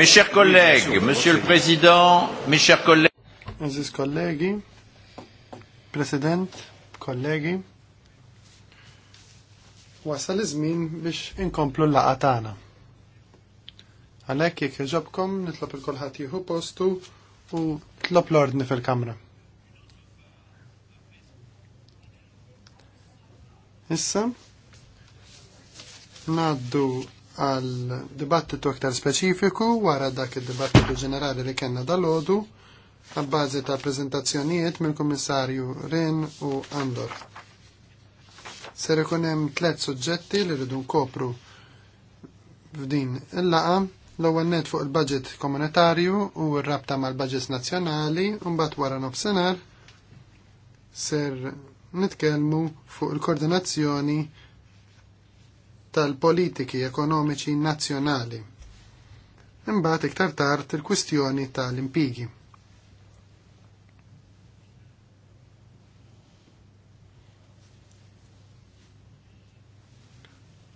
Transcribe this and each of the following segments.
Mes chers collègues, Monsieur le Président, mes chers collègues. Mes collègues, Président, collègues, wasal iż-żmien biex inkomplu l-laqa tagħna. Għalhekk jekk iġobkom nitlob il kulħadd jieħu postu u tlob l-ordni fil-kamra. Issa, naddu għal dibattitu aktar speċifiku wara dak id-dibattitu ġenerali li kellna dal-ħodu għabbażi ta' prezentazzjonijiet mill-Kummissarju Ren u Andor. Ser ikun hemm tliet suġġetti li rridu nkopru f'din il-laqa l-ewwel net fuq il-budget komunitarju u r-rabta mal-budgets nazzjonali u mbagħad wara nofsinhar ser nitkellmu fuq il-koordinazzjoni tal-politiki ekonomiċi nazzjonali. Imbagħad iktar tard il-kwistjoni tal-impigi.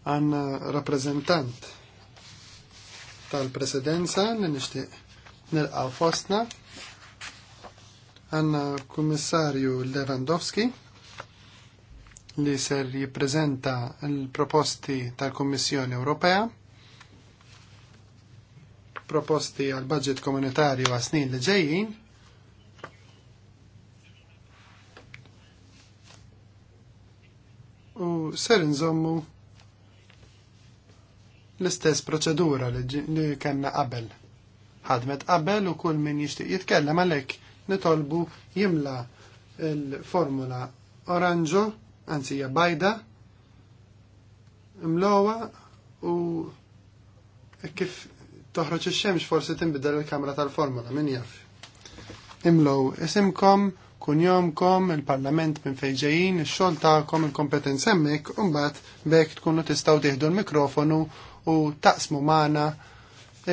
Għanna rappreżentant tal-presidenza li nixtieq nilqgħu fostna għanna kummissarju Lewandowski li ser jipprezenta l-proposti tal-Kummissjoni Ewropea proposti għal budget komunitarju għas snin li ġejjin u ser nżommu l-istess proċedura li kellna qabel. Ħadmet qabel u kull min jixtieq jitkellem għalhekk nitolbu jimla l formula oranġo anzi hija bajda, imlowa u kif toħroġ ix-xemx forsi tinbidel il-kamra tal-formula min jaf. Imlow isimkom, kunjomkom, il-parlament minn fejġejin, ix-xogħol tagħkom il-kompetenz emmek, u mbagħad bekk tkunu tistaw tieħdu l-mikrofonu u taqsmu magħna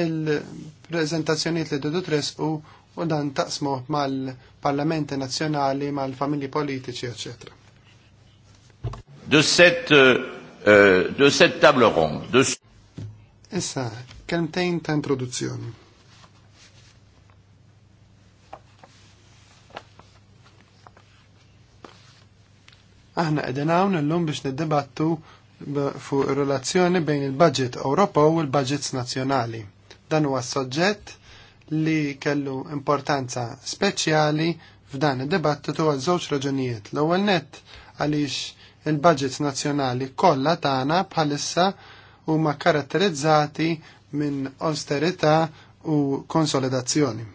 il-preżentazzjonijiet li d tresqu u dan taqsmu mal-parlamenti nazzjonali, mal-familji politiċi, eccetera de cette, euh, euh, de cette table ronde. De... Issa, kemtejn ta' introduzzjoni. Aħna qegħdin hawn illum biex niddibattu fuq ir-relazzjoni bejn il-budget Ewropew u l-budgets nazzjonali. Dan huwa soġġett li kellu importanza speċjali f'dan id-dibattitu għal żewġ raġunijiet. L-ewwel nett għaliex il-budgets nazzjonali kollha tagħna bħalissa huma karatterizzati minn austerità u konsolidazzjoni.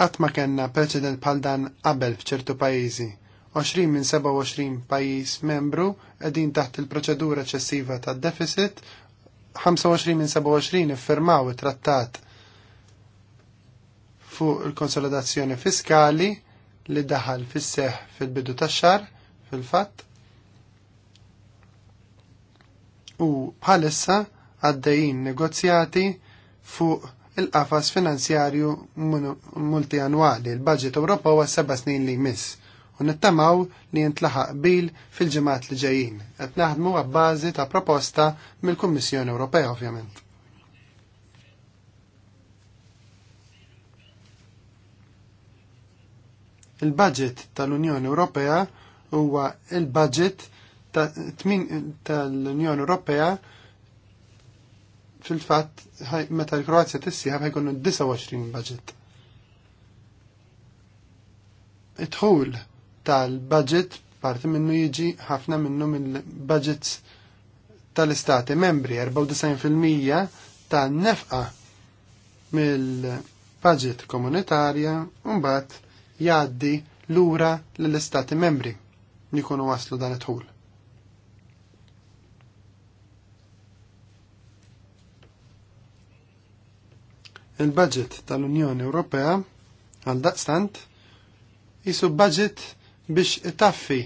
Qatt ma kellna preċedent bħal dan qabel f'ċertu pajjiżi. 20 minn 27 pajjiż membru qegħdin taħt il-proċedura eċessiva tad-deficit, 25 minn 27 iffirmaw it-trattat fuq il-konsolidazzjoni fiskali, li daħal fis seħħ fil-bidu tax-xar fil-fatt u bħalissa għaddejjin negozjati fuq il-qafas finanzjarju multianwali, il-budget Ewropa huwa seba' snin li jmiss u nittamaw li jintlaħaq bil fil-ġemat li ġejjin, qed naħdmu b-bażi ta' proposta mill-Kummissjoni Ewropea ovvjament. Il-budget tal-Unjoni Ewropea huwa il-budget tal-Unjoni Ewropea fil-fatt meta l-Kroazja tissieħab ħajkunu 29 budget. It-ħul tal-budget parti minnu jiġi ħafna minnu mill-budgets tal-istati membri 94% tan nefqa mill-budget komunitarja un bat jgħaddi lura lill-istati membri li waslu dan it-ħul. Il-budget tal-Unjoni Ewropea għal daqstant jisu budget biex itaffi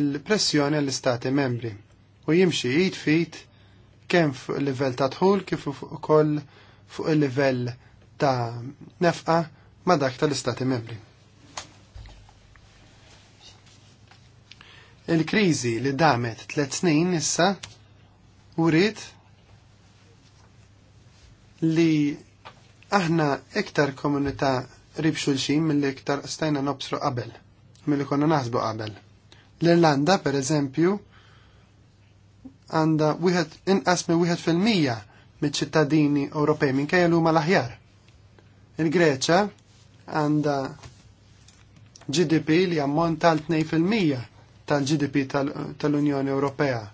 il-pressjoni għall-istati membri u jimxi jid fit kemm fuq il-livell ta' tħul kif ukoll fuq il-livell ta' nefqa ma' dak tal-istati membri. Il-kriżi li damet tliet snin issa urid li aħna iktar komunità rib xulxin mill-li iktar stajna nobsru qabel, mill-li konna naħsbu qabel. L-Irlanda, per eżempju, għanda inqas minn wieħed fil-mija mill-ċittadini Ewropej minkejja l huma l-aħjar. Il-Greċa għanda GDP li ammonta l-2 fil-mija tal-GDP tal-Unjoni Ewropea.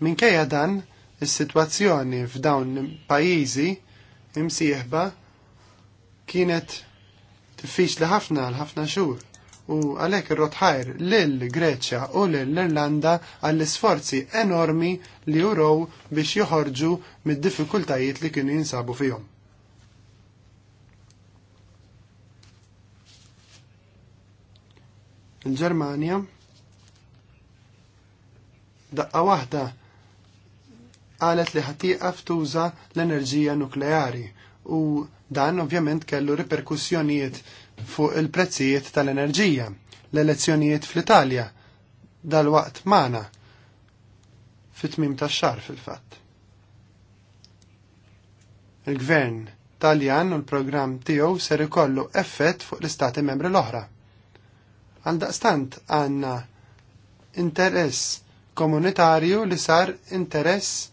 Minkejja dan, is-sitwazzjoni f'dawn pajjiżi imsieħba kienet diffiċli ħafna għal ħafna xhur u għalhekk ir-rotħajr lil Greċja u l Irlanda għall isforzi enormi li uraw biex joħorġu mid-diffikultajiet li kienu jinsabu fihom. Il-Ġermanja daqqa waħda qalet li ħatieqaf ftuża l-enerġija nukleari u dan ovvjament kellu riperkussjonijiet fuq il-prezzijiet tal-enerġija, l-elezzjonijiet fl-Italja, dal-waqt mana, fit-tmim ta' xar fil-fatt. Il-gvern taljan u l-programm tiegħu ser ikollu effett fuq l-istati membri l-oħra. Għaldaqstant għanna interess komunitarju li sar interess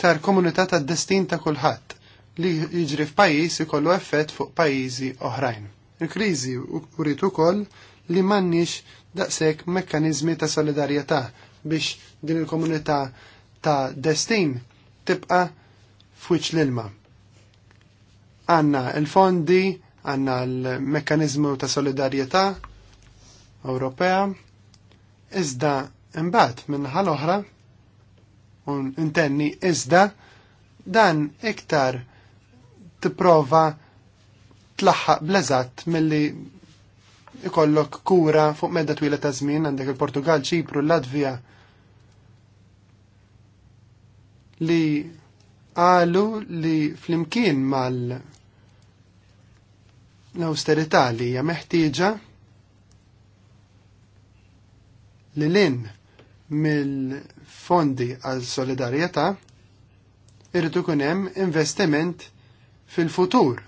sar komunità ta' destin ta' kulħadd li jiġri f'pajjiż ikollu effett fuq pajjiżi oħrajn. Il-kriżi urid ukoll li m'għandniex daqshekk mekkaniżmi ta' solidarjetà biex din il-komunità ta' destin tibqa' f'wiċċ l-ilma. Għanna l fondi għanna l mekkaniżmu ta' solidarjetà Ewropea, Iżda imbagħad minnaħa l-oħra u intenni iżda dan iktar tipprova tlaħħaq bleżatt milli ikollok kura fuq medda twila ta' żmien għandek il-Portugal, Ċipru, l-Latvija li qalu li flimkien mal l-austerità li hija meħtieġa li lin mill-fondi għal solidarjetà irritu ikun hemm investiment fil-futur.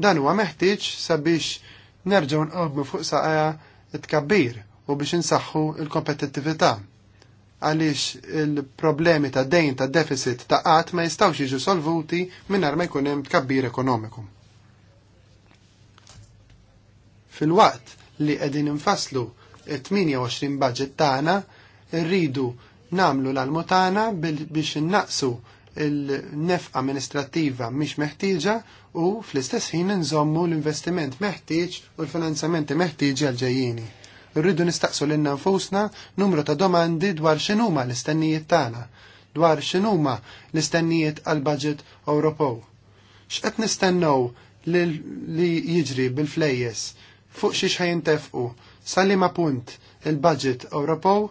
Dan huwa meħtieġ sabiex nerġgħu nqobbu fuq saqaja tkabbir u biex insaħħu l-kompetittività għaliex il-problemi ta' dejn ta' deficit ta' qatt ma jistgħux jiġu solvuti mingħajr ma jkun hemm tkabbir ekonomiku. Fil-waqt li qegħdin infasslu 28 budget tagħna rridu namlu l tagħna biex innaqsu il-nef amministrattiva mhix meħtieġa u fl-istess ħin nżommu l-investiment meħtieġ u l-finanzamenti meħtieġi għal-ġejjini. Rridu nistaqsu lil nfusna numru ta' domandi dwar x'inhuma l-istennijiet tagħna, dwar x'inhuma l-istennijiet għal-budget Ewropew. X'qed nistennew li jiġri bil-flejjes fuq xi xejn tefqu? Sali ma punt il-budget Ewropew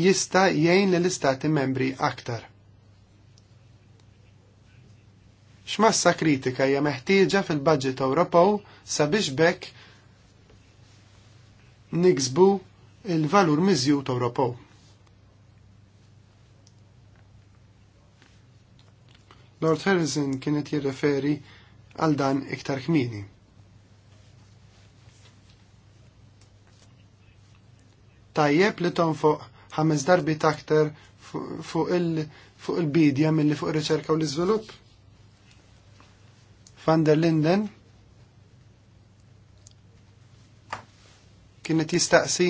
jista' jgħin lill istati membri aktar. X'massa kritika hija meħtieġa fil-budget Ewropew sabiex bekk niksbu il-valur miżjut Ewropew. Lord Harrison kienet jirreferi għal dan iktar kmini. tajjeb li tonfoq ħames darbi taktar fuq il-bidja milli fuq ir-riċerka u l-iżvilupp. Van der Linden kienet jistaqsi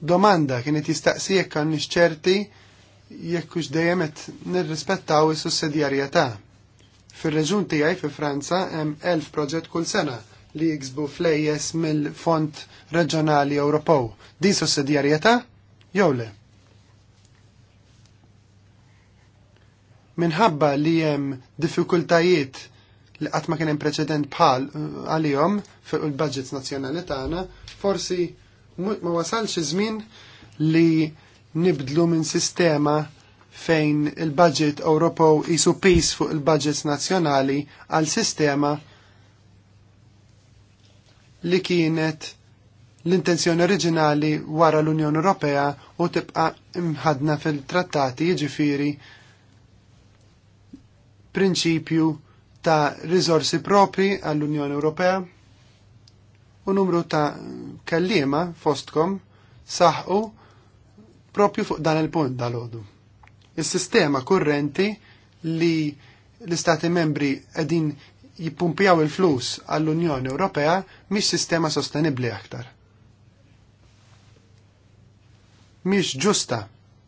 domanda, kienet jistaqsi jekk għan ċerti jekk ux dejjem qed nirrispettaw is-sussidjarjetà. Fir-reġun tiegħi fi Franza hemm elf proġett kull sena li jiksbu flejjes mill-Fond Reġjonali Ewropew. Din sussidjarjetà jew le? Minħabba li hemm diffikultajiet li qatt ma kien hemm preċedent bħal eh, għalihom fuq il-budgets nazzjonali tagħna, forsi ma wasalx żmien li nibdlu minn sistema fejn il-budget Ewropew isu pis fuq il-budgets nazzjonali għal sistema li kienet l-intenzjoni oriġinali wara l-Unjoni Ewropea u tibqa imħadna fil-trattati jiġifieri prinċipju ta' risorsi propri għall-Unjoni Ewropea u numru ta' kelliema fostkom saħqu propju fuq dan il-punt dal-ħodu. Il-sistema kurrenti li l-istati membri għedin jippumpijaw il-flus għall-Unjoni Ewropea mhix sistema sostenibbli aktar. Mhix ġusta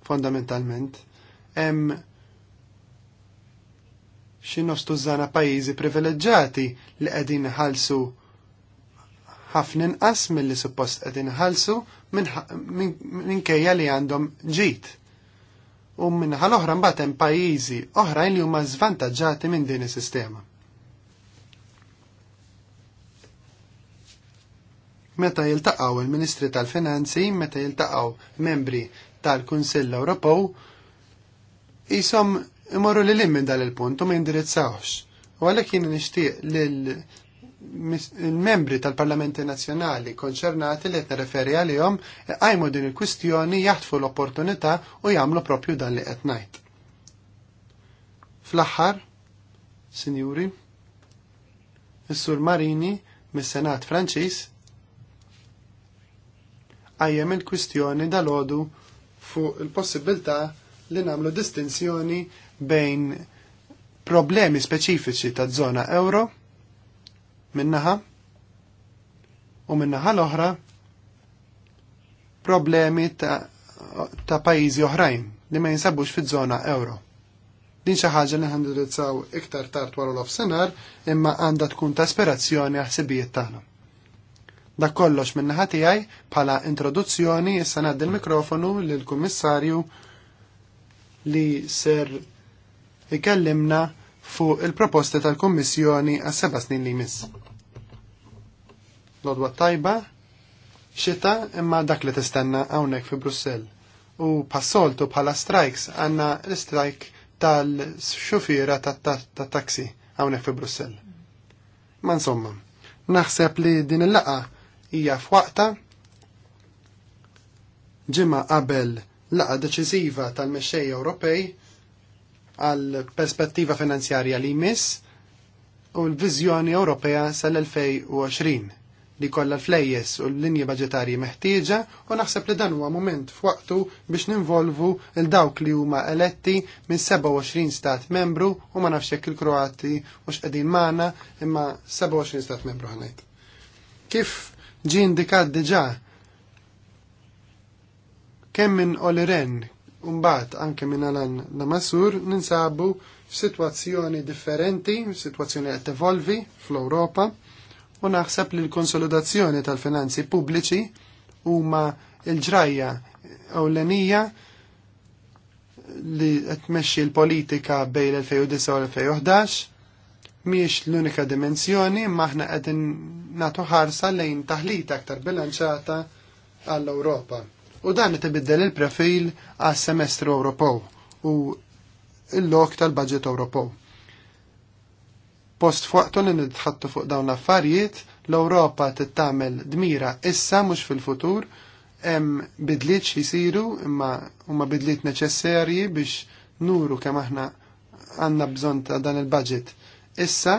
fondamentalment hemm xi żana pajjiżi privileġġjati li qegħdin ħalsu ħafna inqas mill-li suppost qegħdin ħalsu minkejja li għandhom ġid. U minħal oħra mbagħad hemm pajjiżi oħrajn li huma żvantaġġati minn din is-sistema. meta jiltaqgħu il-Ministri tal-Finanzi, meta jiltaqgħu membri tal-Kunsill Ewropew, ishom imorru li lim minn dal il-punt u ma jindirizzawx. U għalhekk jien nixtieq lill membri tal-Parlamenti Nazzjonali konċernati li qed referi għalihom għajmu din il-kwistjoni jaħtfu l-opportunità u jagħmlu propju dan li qed ngħid. Fl-aħħar, Sinjuri, is-Sur Marini mis-Senat Franċiż għajjem il-kwistjoni dal-ħodu fuq il-possibilità li namlu distinzjoni bejn problemi speċifiċi ta' zona euro minnaħa u minnaħa l-oħra problemi ta', ta pajizi oħrajn li ma jinsabux fi zona euro. Din xi ħaġa li ħandirizzaw iktar tard wara l-offsenar imma għandha tkun ta' aspirazzjoni aħsibijiet tagħna. Dak kollox minn ħatijaj tiegħi bħala introduzzjoni issa ngħaddi il mikrofonu lill kummissarju li ser ikellimna fuq il-proposti tal-Kummissjoni għas seba' snin li jmiss. Lodwa tajba, xita imma dak li tistenna hawnhekk fi Brussell. U passoltu bħala strikes għandna l-strike tal-xufiera tat-taksi hawnhekk fi Brussell. Ma insomma, naħseb li din il-laqa hija f'waqta ġimma qabel laqa deċiżiva tal-mexxej Ewropej għal perspettiva finanzjarja li jmiss u l-viżjoni Ewropea sal-2020 li kollha flejjes u l-linji budġetarji meħtieġa u naħseb li dan huwa moment f'waqtu biex ninvolvu il dawk li huma eletti minn 27 stat membru u ma nafx hekk il-Kroati u x'qegħdin magħna imma 27 stat membru ħanajt. Kif ġi indikat diġà kemm minn Oliren Umbat, anke minn Alan namassur ninsabu f'sitwazzjoni differenti, f'sitwazzjoni qed tevolvi fl-Ewropa, u naħseb li l-konsolidazzjoni tal-finanzi pubbliċi huma l-ġrajja ewlenija li qed tmexxi l-politika bejn l-2009 u l-2011 miex l-unika dimensjoni maħna għedin nagħtu ħarsa lejn taħlit aktar bilanċata għall-Ewropa. U dan tibiddel il-profil għas-semestru Ewropew u l-lok tal-budget Ewropew. Post fuqtu li nidħattu fuq dawn l-affarijiet, l-Ewropa tittamel dmira issa mhux fil-futur, hemm bidliet jisiru imma huma bidliet neċessarji biex nuru kemm aħna għandna bżonn ta' dan il-budget issa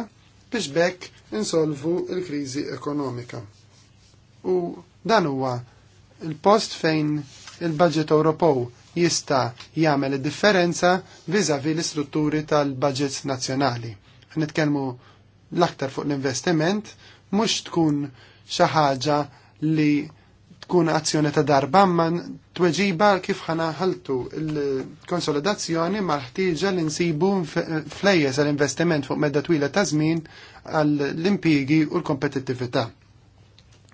biex bekk insolvu l-kriżi ekonomika. U dan huwa il-post fejn il-budget Ewropew jista jagħmel id-differenza viżavi l-istrutturi tal-budgets nazzjonali. Nitkellmu l-aktar fuq l-investiment mhux tkun xi ħaġa li tkun azzjoni ta' darba ma tweġiba kif ħana ħaltu l-konsolidazzjoni ma ħtieġa li nsibu flejjes għall-investiment fuq medda twila ta' żmien għall-impigi u l-kompetittività.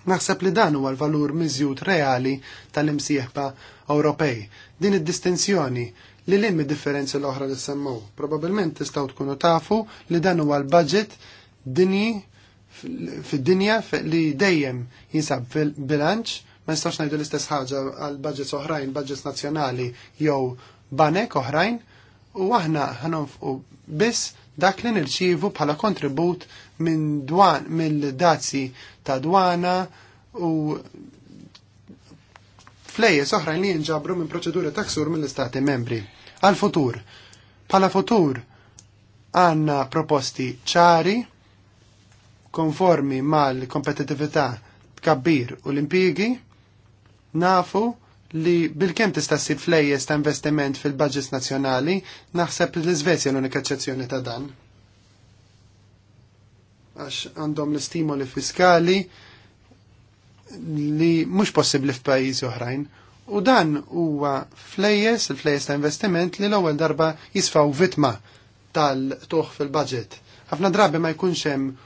Naħseb li dan huwa l-valur miżjud reali tal-imsieħba Ewropej. Din id-distinzjoni li l-immi differenzi l-oħra li semmu. Probabilment tistaw tkunu tafu li dan huwa l-budget dinji fid-dinja li dejjem jinsab fil-bilanċ ma nistax ngħidu l-istess ħaġa għal budgets oħrajn, budgets nazzjonali jew banek oħrajn u aħna ħanonfqu biss dak li nirċivu bħala kontribut minn dwan mill-dazzi ta' dwana u flejjes oħrajn li nġabru minn proċeduri taksur mill-istati membri. Għal futur, bħala futur għanna proposti ċari konformi mal-kompetitività kabbir u l-impigi Nafu li bil-kem tista' ssib flejjes ta' investiment fil-budgets nazzjonali, naħseb li l-Iżvezja l-unika eċċezzjoni ta' dan. Għax għandhom l-istimoli fiskali li mhux possibbli f'pajjiżi oħrajn. U dan huwa flejjes, il-flejjes ta' investiment li l-ewwel darba jisfaw vitma tal-tuħ fil-budget. Ħafna drabi ma jkunx hemm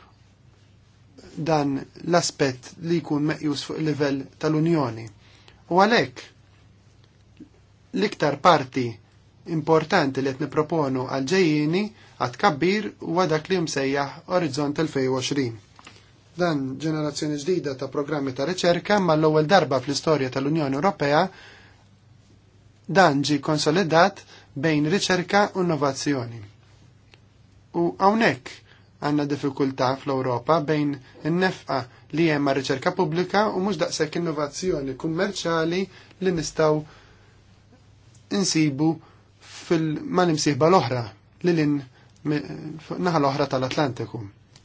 dan l-aspett li jkun meqjus fuq il livell tal-Unjoni U għalhekk l-iktar parti importanti li qed niproponu għal ġejjini għad kabbir huwa dak li msejjaħ Orizzont 2020. Dan ġenerazzjoni ġdida ta' programmi ta' riċerka ma l-ewwel darba fl-istorja tal-Unjoni Ewropea dan ġi konsolidat bejn riċerka u innovazzjoni. U hawnhekk għandna diffikultà fl-Ewropa bejn in-nefqa li hemm riċerka pubblika u mhux daqshekk innovazzjoni kummerċjali li nistgħu insibu fil-ma nimsiħba l-oħra li lin naħa l-oħra tal-Atlantiku.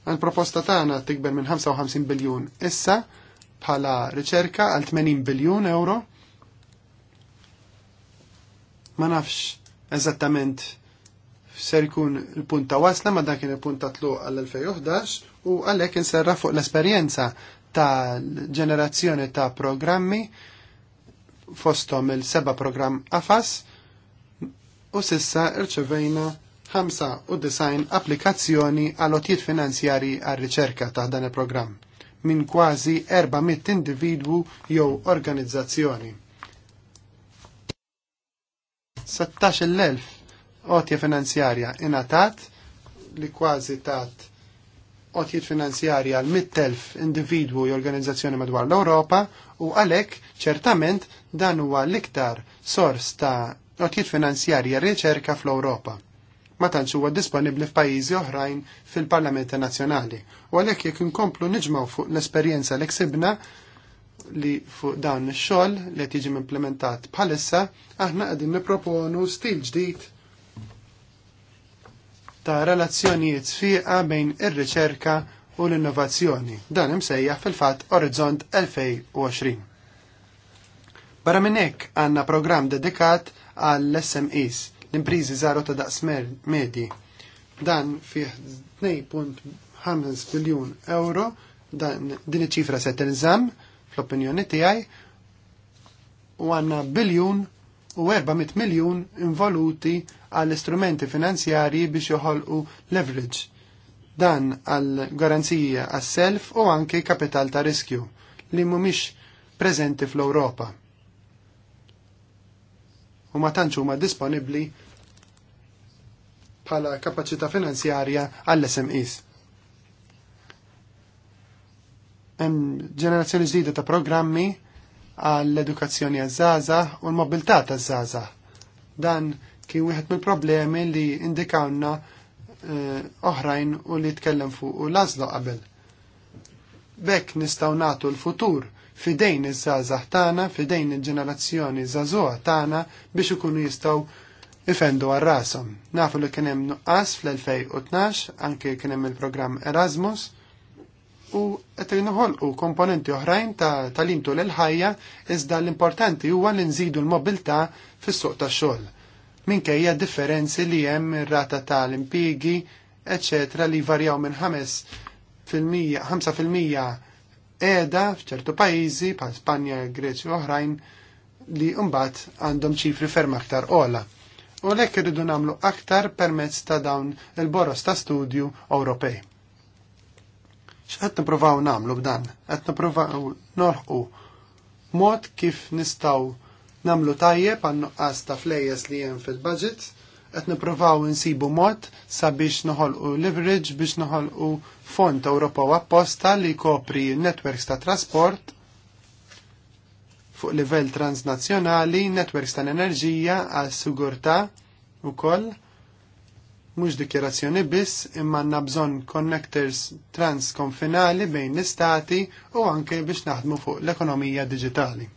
Għan proposta tagħna tikber minn 55 biljun issa bħala riċerka għal 80 biljun euro. Ma nafx eżattament ser jkun il-punta wasla ma dak kien il-punta tluq għall-2011 u għalhekk inserra fuq l-esperjenza ta' ġenerazzjoni ta' programmi fostom il-seba programm AFAS u sissa irċevejna 95 applikazzjoni għal otiet finanzjari għal riċerka ta' dan il-programm minn kważi 400 individwu jew organizzazzjoni. 16.000 otja finanzjarja inatat li kważi tat otjiet finanzjarja għal 100.000 individwu u organizzazzjoni madwar l-Europa u għalek ċertament dan huwa l-iktar sors ta' otjiet finanzjarja e riċerka fl-Europa. Ma tantx huwa disponibbli f'pajjiżi oħrajn fil-Parlamenti Nazzjonali u għalhekk jekk inkomplu niġmaw fuq l-esperjenza li ksibna li fuq dan ix-xogħol li qed jiġi implementat bħalissa aħna qegħdin nipproponu stil ġdid ta' relazzjonijiet sfiqa bejn ir-riċerka u l-innovazzjoni. Dan imsejja fil-fatt Orizzont 2020. Barra minn hekk għandna programm dedikat għall-SMEs, l-imprizi zaru ta' daqs medji. Dan fih 2.5 biljun euro, dan din iċifra ċifra se tinżamm fl-opinjoni tiegħi u għandna biljun u 400 miljun involuti għall-istrumenti finanzjarji biex joħolqu leverage. Dan għal garanzija għas-self u anke kapital ta' riskju li mhumiex preżenti fl-Ewropa. U ma tantx huma disponibbli bħala kapaċità finanzjarja għall-SMEs. Hemm ġenerazzjoni ġdida ta' programmi għall-edukazzjoni għaż-żgħażagħ u l-mobilità taż-żgħażagħ. Dan kien wieħed mill-problemi li indikawna eh, oħrajn u li tkellem fuq u lazla qabel. Bekk nistgħu nagħtu l-futur fidejn iż-żgħażagħ tagħna, fidejn il-ġenerazzjoni żagħżugħ tagħna biex ikunu jistgħu ifendu għal rashom. Nafu li kien hemm nuqqas fl-2012 anke kien hemm il-programm Erasmus u qed noħolqu komponenti oħrajn ta' talim tul il-ħajja iżda l-importanti huwa li nżidu l-mobilità fis-suq tax-xogħol minkejja differenzi li hemm rata tal-impigi, eċetera, li varjaw minn 5% 5% qiegħda f'ċertu pajjiżi pa' Spanja, Greċja u oħrajn li mbagħad għandhom ċifri ferm aktar ola. U lek irridu nagħmlu aktar permezz ta' dawn il-boros ta' studju Ewropej. X'qed nippruvaw nagħmlu b'dan? Qed nippruvaw norħqu mod kif nistgħu Namlu tajjeb għan nuqqas ta' flejes li jen fil-budget, qed nippruvaw insibu mod sabiex noħolqu leverage biex noħolqu fond Ewropew apposta li kopri netwerks ta' trasport fuq livell transnazzjonali, netwerks tal-enerġija għal sigurtà koll, mhux dikjerazzjoni biss imma għandna bżonn connectors transkonfinali bejn l-istati u anke biex naħdmu fuq l-ekonomija digitali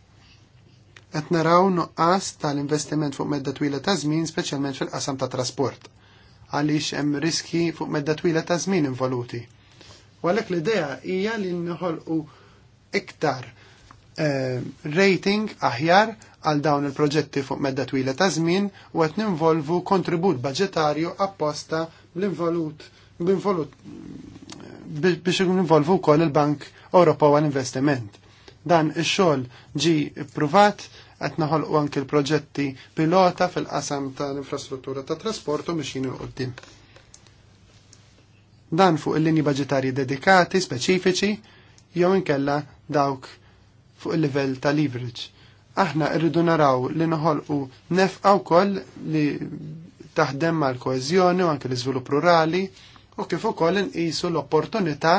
qed naraw nuqqas tal-investiment fuq medda twila ta' żmien speċjalment fil-qasam ta' trasport għaliex hemm riski fuq medda twila ta' żmien involuti. U għalhekk l-idea hija li nħolqu iktar eh, rating aħjar għal dawn il-proġetti fuq medda twila ta' żmien u qed ninvolvu kontribut budġetarju apposta bl-involut bl-involut biex ninvolvu wkoll il-Bank Ewropa għal investiment Dan ix-xogħol ġi pprovat qed naħolqu anki l-proġetti pilota fil-qasam tal-infrastruttura ta' trasportu biex u qoddim. Dan fuq il-linji budgetari dedikati, speċifiċi, jew inkella dawk fuq il-livell ta' leverage. Aħna rridu naraw li noħolqu nefqa wkoll li taħdem mal koezjoni u anke l-iżvilupp rurali u kif ukoll inqisu l-opportunità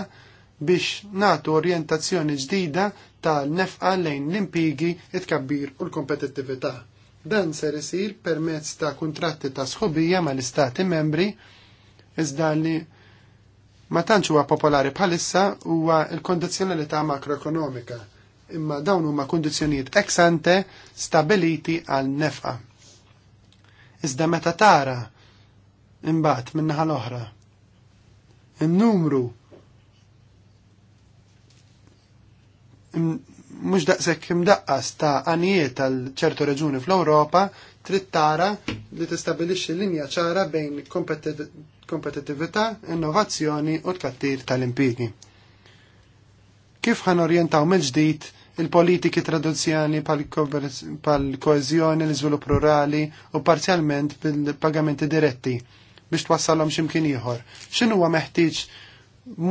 biex nagħtu orjentazzjoni ġdida tal-nefqa lejn l-impigi, it-kabbir u l-kompetittività. Dan ser isir permezz ta' kontratti ta' sħobija ma' l-istati membri, iżda li ma tantx huwa popolari bħalissa huwa l-kondizzjonalità makroekonomika, imma dawn huma kundizzjonijiet ex ante stabiliti għal nefqa. Iżda meta tara imbagħad min-naħa l-oħra. In-numru mhux daqshekk imdaqqas ta' għanijiet tal ċertu reġuni fl-Ewropa trid tara li tistabilixxi linja ċara bejn kompetittività, innovazzjoni u tkattir tal-impigi. Kif ħan orjentaw mill-ġdid il-politiki traduzzjani pal-koezjoni, l iżvilupp rurali u parzjalment bil-pagamenti diretti biex twassalhom x'imkien ieħor. X'inhuwa meħtieġ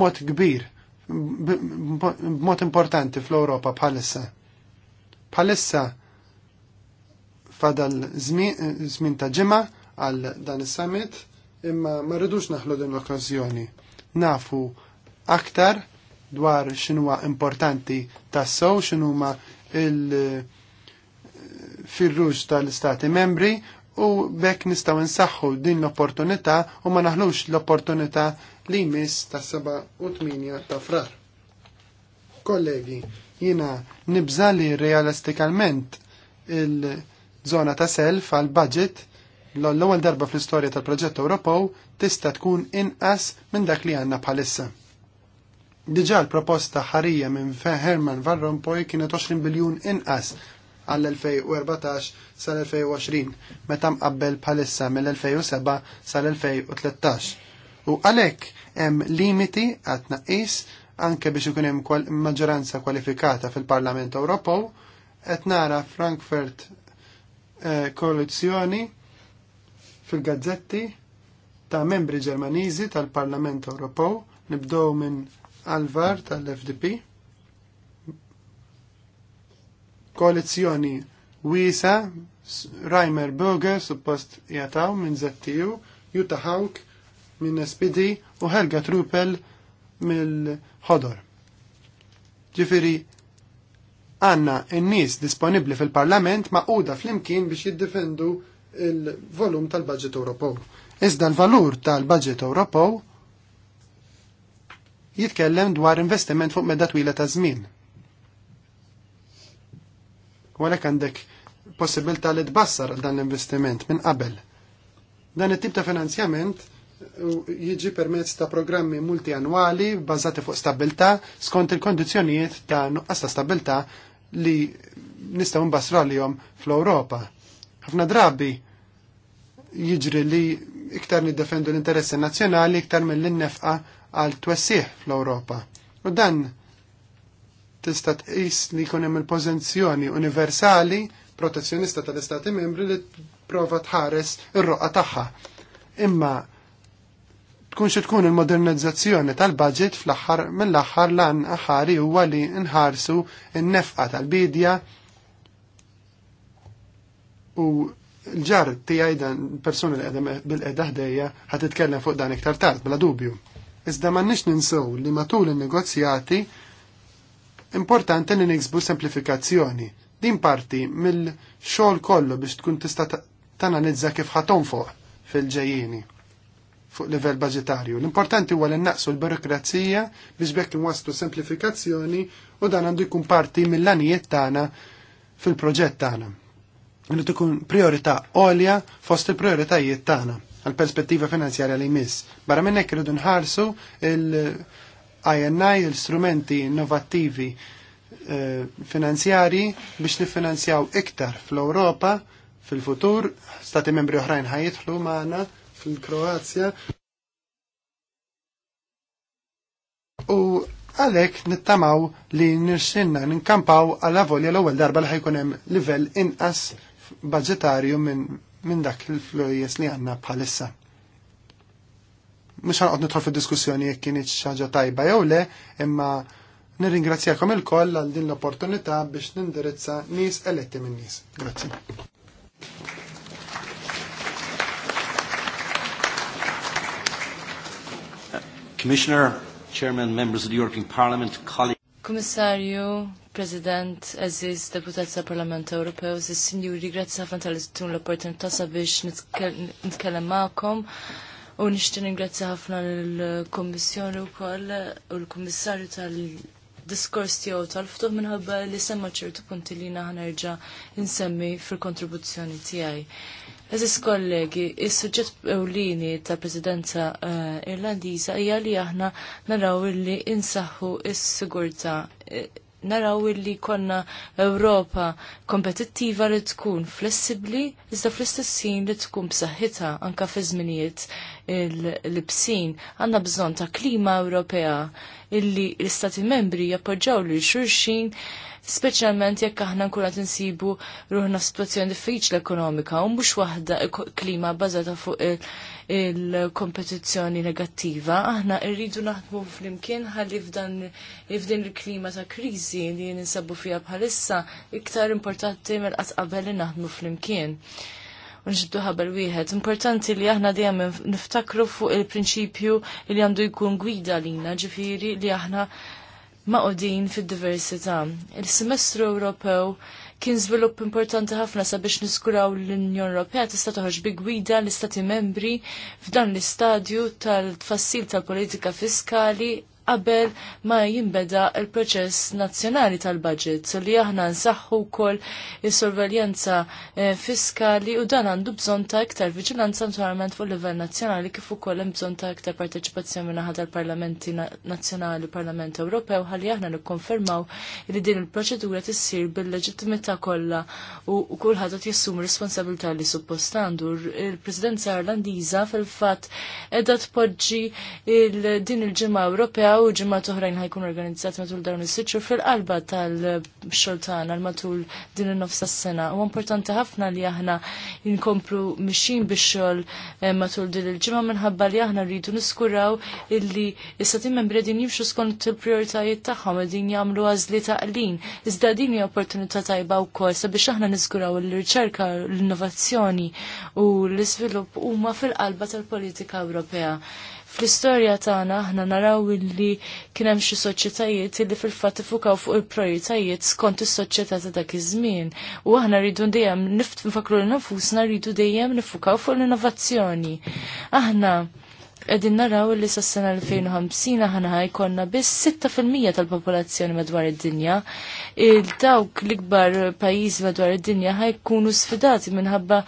mod kbir b'mod importanti fl-Ewropa bħalissa. Bħalissa fadal żmien ta' ġimgħa għal dan is-summit imma ma rridux naħlu din l-okkażjoni. Nafu aktar dwar x'inhuwa importanti tassew x'inhuma il- firruġ tal-istati membri u bekk nistaw nsaħħu din l-opportunità u ma naħlux l-opportunità li jmiss ta' 7 u 8 ta' frar. Kollegi, jina nibża li realistikalment il-żona ta' self għal budget l-ewwel darba fl-istorja tal-proġett Ewropew tista' tkun inqas minn dak li għandna bħalissa. Diġà l-proposta ħarija minn Herman Van Rompuy kienet 20 biljun inqas għall-2014 sal-2020 meta mqabbel bħalissa mill-2007 sal-2013 U għalhekk hemm limiti għat tnaqqis anke biex ikun hemm kwal maġġoranza kwalifikata fil-Parlament Ewropew qed nara Frankfurt eh, koalizzjoni fil-gazzetti ta' membri Ġermaniżi tal-Parlament Ewropew nibdew minn Alvar tal-FDP koalizzjoni wiesa Reimer Burger suppost jataw minn ZTU Jutta Hawk minn SPD u Helga Trupel mill-ħodor. Ġifiri, għanna n-nis disponibli fil-parlament maquda fl-imkien biex jiddefendu il-volum tal-budget Ewropew. Iżda l-valur tal-budget Ewropew jitkellem dwar investiment fuq medda twila ta' żmien. Walek għandek possibilta li tbassar dan l-investiment minn qabel. Dan it-tip ta' finanzjament jiġi permezz ta' programmi multianwali bbażati fuq stabilta skont il-kondizzjonijiet ta' nuqqas ta' stabilità li nistgħu nbassru għalihom fl-Ewropa. Ħafna drabi jiġri li iktar niddefendu l-interessi nazzjonali iktar mill nefqa għal twessih fl-Ewropa. U dan tista' tqis li jkun hemm il-pożizzjoni universali protezzjonista tal-Istati membri li prova tħares ir-roqa tagħha. Imma tkunx xi tkun il-modernizzazzjoni tal-budget fl-aħħar mill-aħħar lan aħari huwa li nħarsu n-nefqa tal-bidja u l-ġar tiegħi dan persuna li qiegħda bil-qiegħda ħdejja ħad titkellem fuq dan iktar tard bla dubju. Iżda m'għandniex ninsew li matul in-negozjati importanti li niksbu semplifikazzjoni. Din parti mill-xogħol kollu biex tkun tista' tanalizza kif ħaton fuq fil-ġejjieni fuq livell bazitarju. L-importanti huwa li naqsu l-burokrazija biex bekk waslu semplifikazzjoni u dan għandu jkun parti mill-anijiet tagħna fil-proġett tagħna. Għandu tkun priorità għolja fost il-prioritajiet tagħna għal perspettiva finanzjarja li jmiss. Barra minn hekk nħarsu il-INI, l-strumenti innovattivi eh, finanzjari biex nifinanzjaw iktar fl-Ewropa fil-futur, stati membri oħrajn ħajjitħlu magħna fil-Kroazja. U għalek nittamaw li nirxinna ninkampaw għal volja l-ewwel darba li ħajkun hemm livell inqas budgetarju minn min dak il flujes li għanna bħalissa. Mux għanqot nidħol fil-diskussjoni jekk kienet xaġa tajba jew le, imma nirringrazzjakom il-koll għal din l-opportunità biex nindirizza nies eletti minn nies. Grazzi. Commissioner, Chairman, members of the European Parliament, colleagues. Komissarju, President, Aziz, Deputat ta' Parlament Ewropew, Aziz Sinjuri, grazzi ħafna tal-istun l-opportunità sabiex nitkellem magħkom u nixtieq ringrazzi ħafna l-Kommissjoni wkoll u l-Kummissarju tal-diskors tiegħu tal-ftuħ minħabba li semma ċertu punti li nerġa' nsemmi fil-kontribuzzjoni tiegħi. Eżis kollegi, il-sujġet ewlini ta' prezidenza uh, eh, irlandiza hija li aħna naraw illi insaħħu is-sigurta. Eh, naraw illi konna Ewropa kompetittiva li tkun flessibli, iżda fl-istessin li tkun b'saħħitha anka fi żminijiet l-bsin. Għandna bżonn ta' klima Ewropea illi l-Istati membri jappoġġaw lil xulxin speċjalment jekk aħna nkunu qed insibu ruħna f'sitwazzjoni diffiċli ekonomika u mhux waħda klima bbażata fuq il-kompetizzjoni negattiva, aħna rridu naħdmu flimkien ħalli f'dan f'din il-klima ta' kriżi li ninsabu fiha bħalissa iktar importanti mill-qatt qabel li naħdmu flimkien unġibdu ħabar wieħed. Importanti li aħna dejjem niftakru fuq il-prinċipju li għandu jkun gwida lina, ġifiri li aħna maqodin fid-diversità. Il-semestru Ewropew kien żvilupp importanti ħafna sabiex niskuraw l-Unjon Ewropea tista' toħroġ bi gwida l-Istati membri f'dan l-istadju tal-tfassil tal-politika fiskali qabel ma jimbeda il-proċess nazzjonali tal-budget li aħna nsaħħu wkoll is sorveljenza eh, fiskali u dan għandu bżonn ta' iktar viġilanza naturalment fuq livell nazzjonali kif ukoll hemm bżonn ta' iktar parteċipazzjoni minn tal-Parlamenti Nazzjonali Parlament Ewropew ħalli aħna nikkonfermaw li din il-proċedura tissir bil-leġittimità kollha u kulħadd qed jissum responsabilità li suppost għandu. Il-Presidenza Irlandiża fil-fatt qiegħda tpoġġi din il-ġimgħa Ewropea u ġimma oħrajn ħajkun organizzat matul dawn is-sitxu fil-qalba tal għal matul din in s sena U importanti ħafna li aħna jinkomplu mixin bix-xogħol eh, matul din il-ġimgħa minħabba li aħna rridu niskuraw illi issa tim membri din jimxu skont il-prijoritajiet tagħhom din jagħmlu għażli taqlin. Iżda din hija opportunità tajba wkoll sabiex aħna niskuraw il-riċerka, l-innovazzjoni u l-iżvilupp huma fil-qalba tal-politika Ewropea. Fl-istorja tagħna aħna naraw illi kien hemm xi soċjetajiet illi fil-fatt ifukaw fuq il prijoritajiet skont is-soċjetà ta' dak iż-żmien u aħna rridu dejjem nifakru l nafusna rridu dejjem nifukaw fuq l-innovazzjoni. Aħna Edin naraw li s-sena 2050 ħana jkonna biss 6% tal-popolazzjoni madwar id-dinja. Il-dawk l-ikbar pajiz madwar id-dinja ħajkunu sfidati minħabba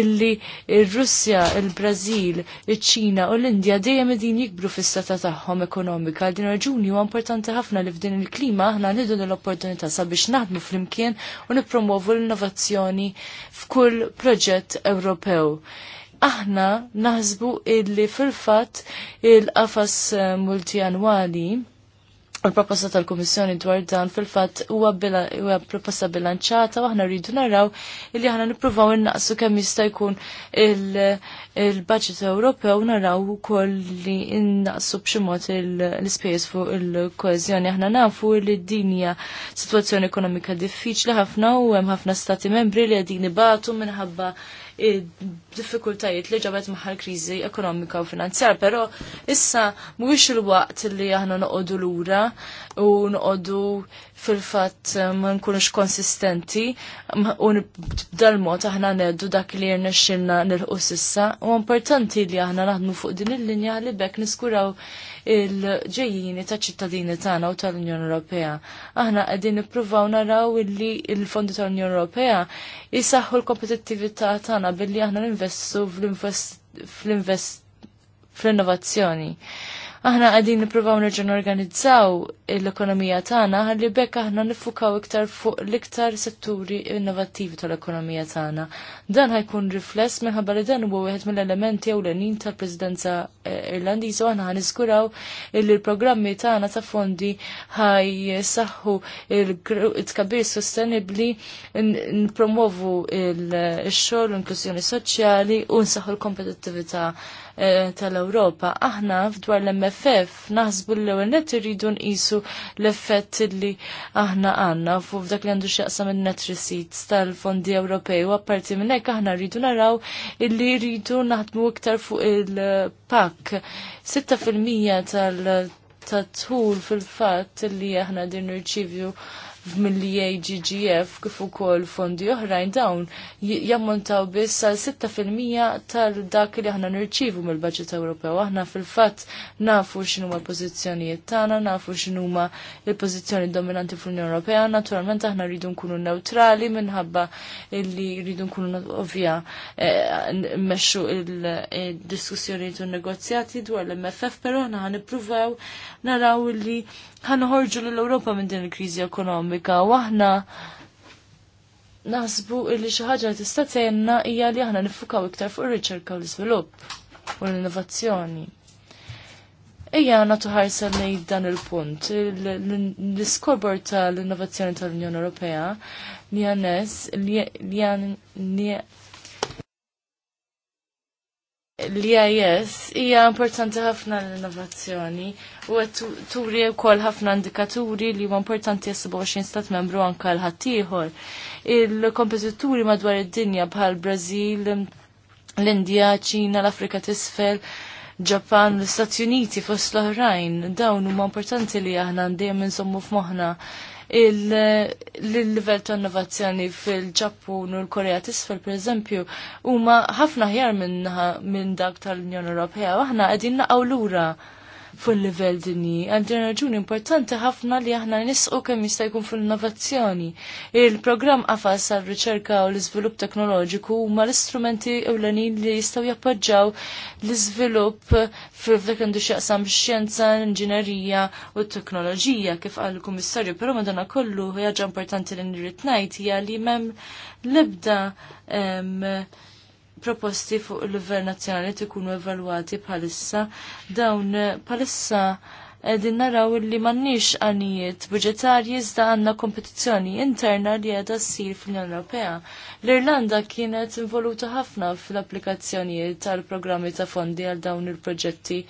illi il-Russja, il-Brazil, il-ċina u l-Indja dejjem din jikbru fis-seta tagħhom ekonomika. Din raġuni huwa importanti ħafna li f'din il-klima aħna nidu l-opportunità sabiex naħdmu flimkien u nippromovu l-innovazzjoni f'kull proġett Ewropew aħna naħsbu illi fil-fatt il-qafas eh, multianwali u l-proposta tal-Komissjoni dwar dan fil-fatt huwa proposta bilanċata u aħna rridu naraw illi aħna nippruvaw innaqsu kemm jista' jkun il-budget Ewropew naraw ukoll li innaqsu b'xi mod l-ispejjeż fuq il-koeżjoni. Aħna nafu li din hija sitwazzjoni ekonomika diffiċli ħafna u hemm ħafna stati membri li qegħdin ibatu minħabba diffikultajiet li ġabet maħal kriżi ekonomika u finanzjar, però issa mhuwiex il-waqt li aħna noqogħdu lura u noqogħdu fil-fatt ma nkunux konsistenti u dal mod aħna neddu dak li nil-qus sissa u importanti li aħna naħdmu fuq din il-linja li bekk niskuraw il-ġejjini ta' ċittadini tagħna u tal-Unjoni Ewropea. Aħna qegħdin nippruvaw naraw illi il-fondi tal-Unjoni Ewropea jisaħħu l-kompetittività tagħna billi aħna ninvestu fl-innovazzjoni aħna għadin nippruvaw nerġa' norganizzaw l-ekonomija tagħna ħalli bekk aħna niffukaw iktar fuq l-iktar setturi innovattivi tal-ekonomija tagħna. Dan ħajkun rifless minħabba li dan huwa wieħed mill-elementi ewlenin tal-Presidenza eh, Irlandiża u aħna ħaniżguraw li l-programmi tagħna ta' fondi ħaj saħħu il-tkabbir sostenibbli nippromovu il-xogħol, l-inklużjoni soċjali u nsaħħu l-kompetittività eh, tal-Ewropa. Aħna fdwar l-MF l-MFF naħsbu l-ewwel net irridu nqisu l-effett li aħna għandna fuq dak li għandu x'jaqsam in-net receipts tal-Fondi Ewropej u apparti minn hekk aħna rridu naraw illi rridu naħdmu iktar fuq il-PAK. 6% tal-tatħul fil-fatt li aħna din nirċivju mill-IAGGF kif ukoll fondi oħrajn dawn jammontaw biss għal 6% tal-dak li aħna nirċivu mill-Baġit Ewropew. Aħna fil-fatt nafu x'inhu l-pożizzjonijiet tagħna, nafu x'inhuma l-pożizzjoni dominanti fl-Unjoni Ewropea, naturalment aħna rridu nkunu neutrali minħabba li rridu nkunu ovvja eh, mmexxu il-diskussjonijiet u negozjati dwar l-MFF, però aħna ħanippruvaw naraw li ħanħorġu l-Ewropa minn din il-kriżi ekonomika u aħna naħsbu illi xi ħaġa li tista' tgħinna hija li aħna nifukaw iktar fuq ir-riċerka u l-iżvilupp u l-innovazzjoni. Ejja nagħtu ħarsa ngħid dan il-punt. L-iskorbor tal-innovazzjoni tal-Unjoni Ewropea li għanness li l-IIS e hija importanti ħafna l-innovazzjoni u għet turi wkoll ħafna indikaturi li huwa importanti għas-27 stat membru anke l ħaddieħor. Il-kompetituri madwar id-dinja bħal Brażil, l-Indja, Ċina, l-Afrika t'isfel, Ġapan, l-Istati Uniti fost l-oħrajn, dawn huma importanti li aħna dejjem insommu f'moħħna il-livell ta' innovazzjoni fil-Ġappun u l-Korea t'isfel pereżempju huma ħafna ħjar minn dak tal-Unjoni Ewropea u aħna qegħdin naqgħu lura fil-level dinji. Għandin raġuni importanti ħafna li aħna nisqu kemm jista' jkun fil-innovazzjoni. Il-programm qafas għal riċerka u l-iżvilupp teknoloġiku huma l-istrumenti ewlenin li jistgħu jappoġġaw l-iżvilupp f'dak għandu x'jaqsam xjenza, inġinerija u t-teknoloġija kif qal il-Kummissarju, però madonna kollu ħaġa importanti li nirrid ngħid hija li m'hemm l ibda proposti fuq il-livell nazzjonali tikunu evalwati bħalissa dawn eh, bħalissa din naraw li mannix għanijiet budgetarji iżda għanna kompetizzjoni interna li għedha ssir fl-Unjoni Ewropea. L-Irlanda kienet involuta ħafna fl-applikazzjonijiet tal-programmi ta' fondi għal dawn il-proġetti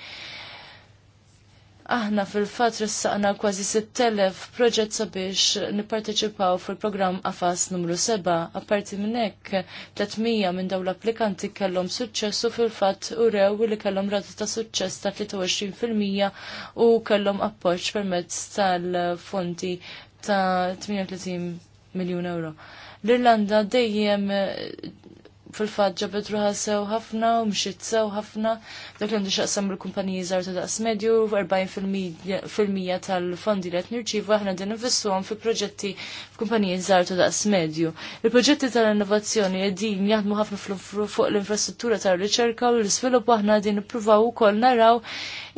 Aħna fil-fat ressaqna kważi 6,000 proġett sabiex nipparteċipaw fil-programm AFAS numru 7. Apparti minn hekk, 300 minn dawn l-applikanti kellhom suċċess fil fil-fatt rew li kellhom rata ta' suċċess ta' 23% u kellhom appoġġ permezz tal-fondi ta' 38 miljun euro. L-Irlanda dejjem fil-fatt ġabet ruħa ħafna u mxiet sew ħafna. Dak li għandu xaqsam bil-kumpaniji żgħar ta' daqs medju, 40% tal-fondi li qed nirċivu aħna din investuhom fi proġetti f'kumpaniji żgħar ta' daqs medju. Il-proġetti tal-innovazzjoni għedin jaħdmu ħafna fuq l-infrastruttura tar-riċerka u l-iżvilupp aħna din ippruvaw ukoll naraw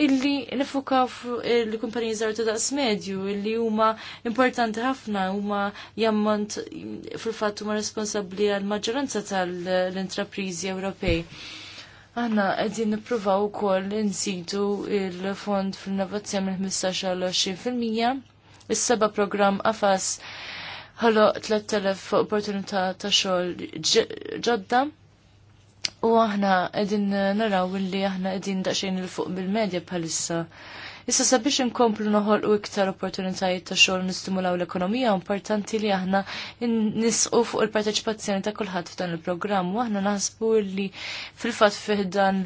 illi nifuka l-kumpaniji żgħar ta' daqs medju illi huma importanti ħafna huma jammont fil-fatt huma responsabbli għall maġġoranza tal- l-intraprizi Ewropej. Aħna qegħdin nippruvaw ukoll insitu il-fond fil-innovazzjoni mill-15 għal 20%. Is-seba' programm qafas ħaloq 3000 opportunità ta' xogħol ġodda. U aħna qegħdin naraw li aħna qegħdin daqsxejn il fuq bil-medja bħalissa Issa sabiex inkomplu noħolqu iktar opportunitajiet ta' xogħol nistimulaw l-ekonomija importanti li aħna nisqu fuq il-parteċipazzjoni ta' kulħadd f'dan il-programm u aħna naħsbu li fil-fatt fih dan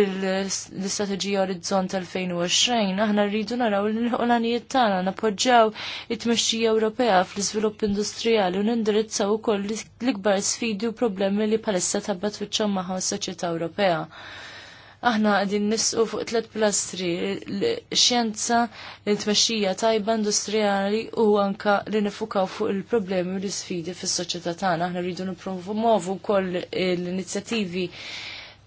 l-istrateġija Orizzont 2020 aħna rridu naraw l ħolanijiet tagħna napoġġaw it-tmexxija Ewropea fl-iżvilupp industrijali u nindirizzaw ukoll l-ikbar sfidi u problemi li palissa tabbat wiċċhom magħhom is-soċjetà Ewropea aħna għadin nisqu fuq tlet pilastri, xjenza, l-tmexxija tajba industrijali u anka li nifukaw fuq il-problemi u l-sfidi fis-soċjetà tagħna. Aħna rridu nippromovu wkoll l-inizjattivi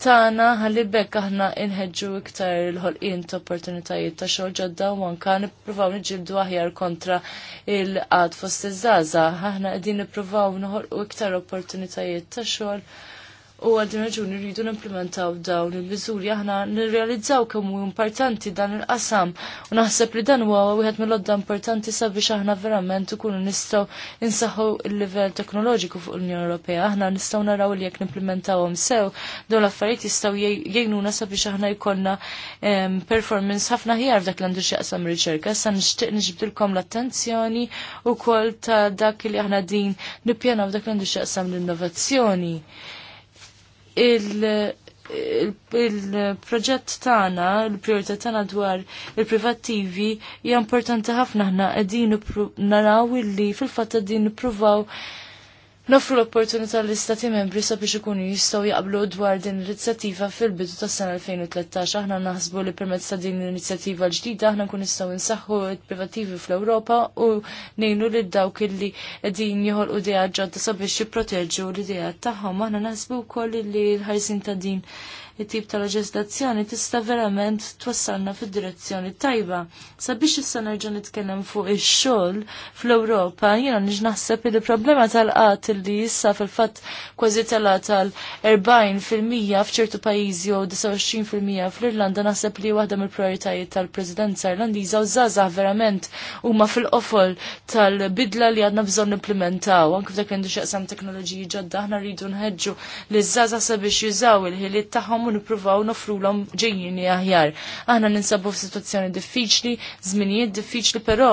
tagħna ħalli bekk aħna inħeġġu iktar il-ħolqien ta' opportunitajiet ta' xogħol ġodda u anka nippruvaw niġġieldu aħjar kontra il-qad fost iż-żgħażagħ. Aħna qegħdin nippruvaw noħolqu iktar opportunitajiet ta' xogħol U għal din raġuni n-implementaw dawn il-miżuri aħna nirrealizzaw kemm hu importanti dan il-qasam u naħseb li dan huwa wieħed mill-odda importanti sabiex aħna verament ikunu nistgħu insaħħu l-livell teknoloġiku fuq l-Unjoni Ewropea. Aħna nistgħu naraw li jekk nimplementawhom sew dawn l-affarijiet jistgħu jgħinuna sabiex aħna jkollna performance ħafna ħjar dak l-għandu x'jaqsam riċerka. Issa nixtieq niġbdilkom l-attenzjoni ukoll ta' dak li aħna din nippjanaw dak l-għandu x'jaqsam l-innovazzjoni il-proġett il tagħna, il-priorità tagħna dwar il-privattivi hija importanti ħafna aħna qegħdin naraw li fil-fatt qegħdin nippruvaw Nofru l-opportunità l-istati membri sabiex ikunu jistgħu jaqblu dwar din l-inizjattiva fil-bidu tas-sena 2013. Aħna naħsbu li permezz ta' din l-inizjattiva l-ġdida aħna nkun nistgħu nsaħħu privattivi fl-Ewropa u ngħinu lil dawk illi qegħdin joħolqu dejja ġodda sabiex jipproteġġu l-idea tagħhom. Aħna naħsbu wkoll li l-ħarsin ta' din it-tip ta' leġislazzjoni tista' verament twassalna fid-direzzjoni tajba. Sabiex issa nerġa' nitkellem fuq ix-xogħol fl-Ewropa, jiena nix naħseb li problema tal-qat li issa fil-fatt kważi tela tal-40 fil-mija f'ċertu pajjiżi u 29 fil-mija fl-Irlanda naħseb li waħda mill-prioritajiet tal-Presidenza Irlandiża u żgħażagħ verament huma fil-qofol tal-bidla li għadna bżonn implementaw, anke f'dak li għandu teknoloġiji ġodda aħna rridu nħeġġu li żgħażagħ sabiex jużaw il-ħiliet tagħhom u nippruvaw nofrulhom ġejjini aħjar. Aħna ninsabu f'sitwazzjoni diffiċli, żminijiet diffiċli, però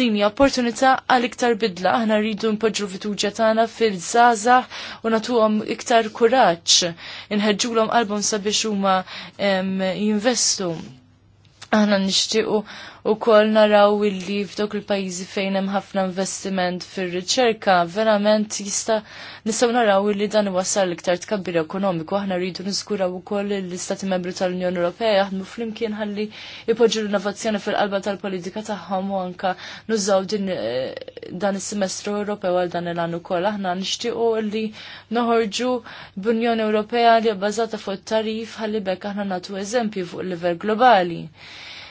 din hija opportunità għal iktar bidla. Aħna rridu npoġġu fituġa tagħna fil-żgħażagħ u nagħtuhom iktar kuraġġ. Inħeġġulhom qalbhom sabiex huma jinvestu. Aħna nixtiequ u kol naraw illi f'dok il-pajizi fejn hemm ħafna investiment fir-riċerka, verament jista' nistgħu naraw illi dan iwassal iktar tkabbir ekonomiku. Aħna rridu niżguraw ukoll l-Istati Membri tal-Unjoni Ewropea jaħdmu flimkien ħalli ipoġġu l-innovazzjoni fil-qalba tal-politika tagħhom u anka nużaw din eh, dan is-semestru Ewropew għal dan il-għan ukoll. Aħna nixtiequ illi noħorġu b'Unjoni Ewropea li bbażata fuq it-tarif ħalli bekk aħna nagħtu eżempju fuq il-livell globali.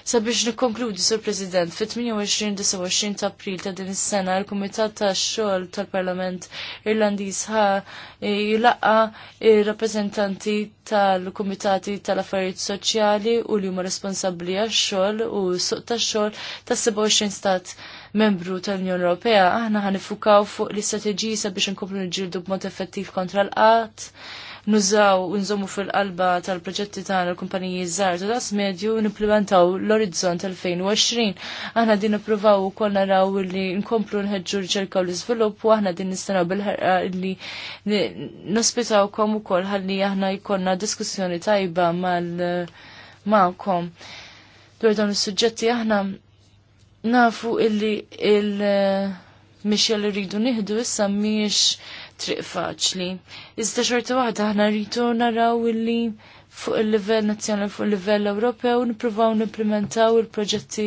Sabiex nikkonkludi, Sur President, fit-28-29 ta' april ta' din is-sena, l-Kumitat ta' xogħol tal-Parlament Irlandiż ha eh, jilaqa ir-rappreżentanti tal-Kumitati tal-Affarijiet Soċjali u li huma responsabbli għax-xogħol u suq tax-xogħol ta' 27 stat membru tal-Unjoni Ewropea. Aħna ħanifukaw fuq l-istrateġiji sabiex inkomplu niġġieldu b'mod effettiv kontra l-qatt nużaw unżomu nżommu fil-qalba tal-proġetti tagħna l-kumpaniji żgħar ta' daqs medju nimplementaw l-orizzont 2020. Aħna din nippruvaw ukoll naraw li nkomplu nħeġġu riċerka u l-iżvilupp u aħna din nistanaw bil-ħerqa li nospitawkom ukoll ħalli aħna jkollna diskussjoni tajba mal-ma'kom. Dwar dawn is-suġġetti aħna nafu illi il- eh, mixja li rridu nieħdu issa miex triq faċli. Iżda xorta waħda aħna rritu naraw illi fuq il-livell nazjonal, fuq il-livell Ewropew nippruvaw nimplementaw il-proġetti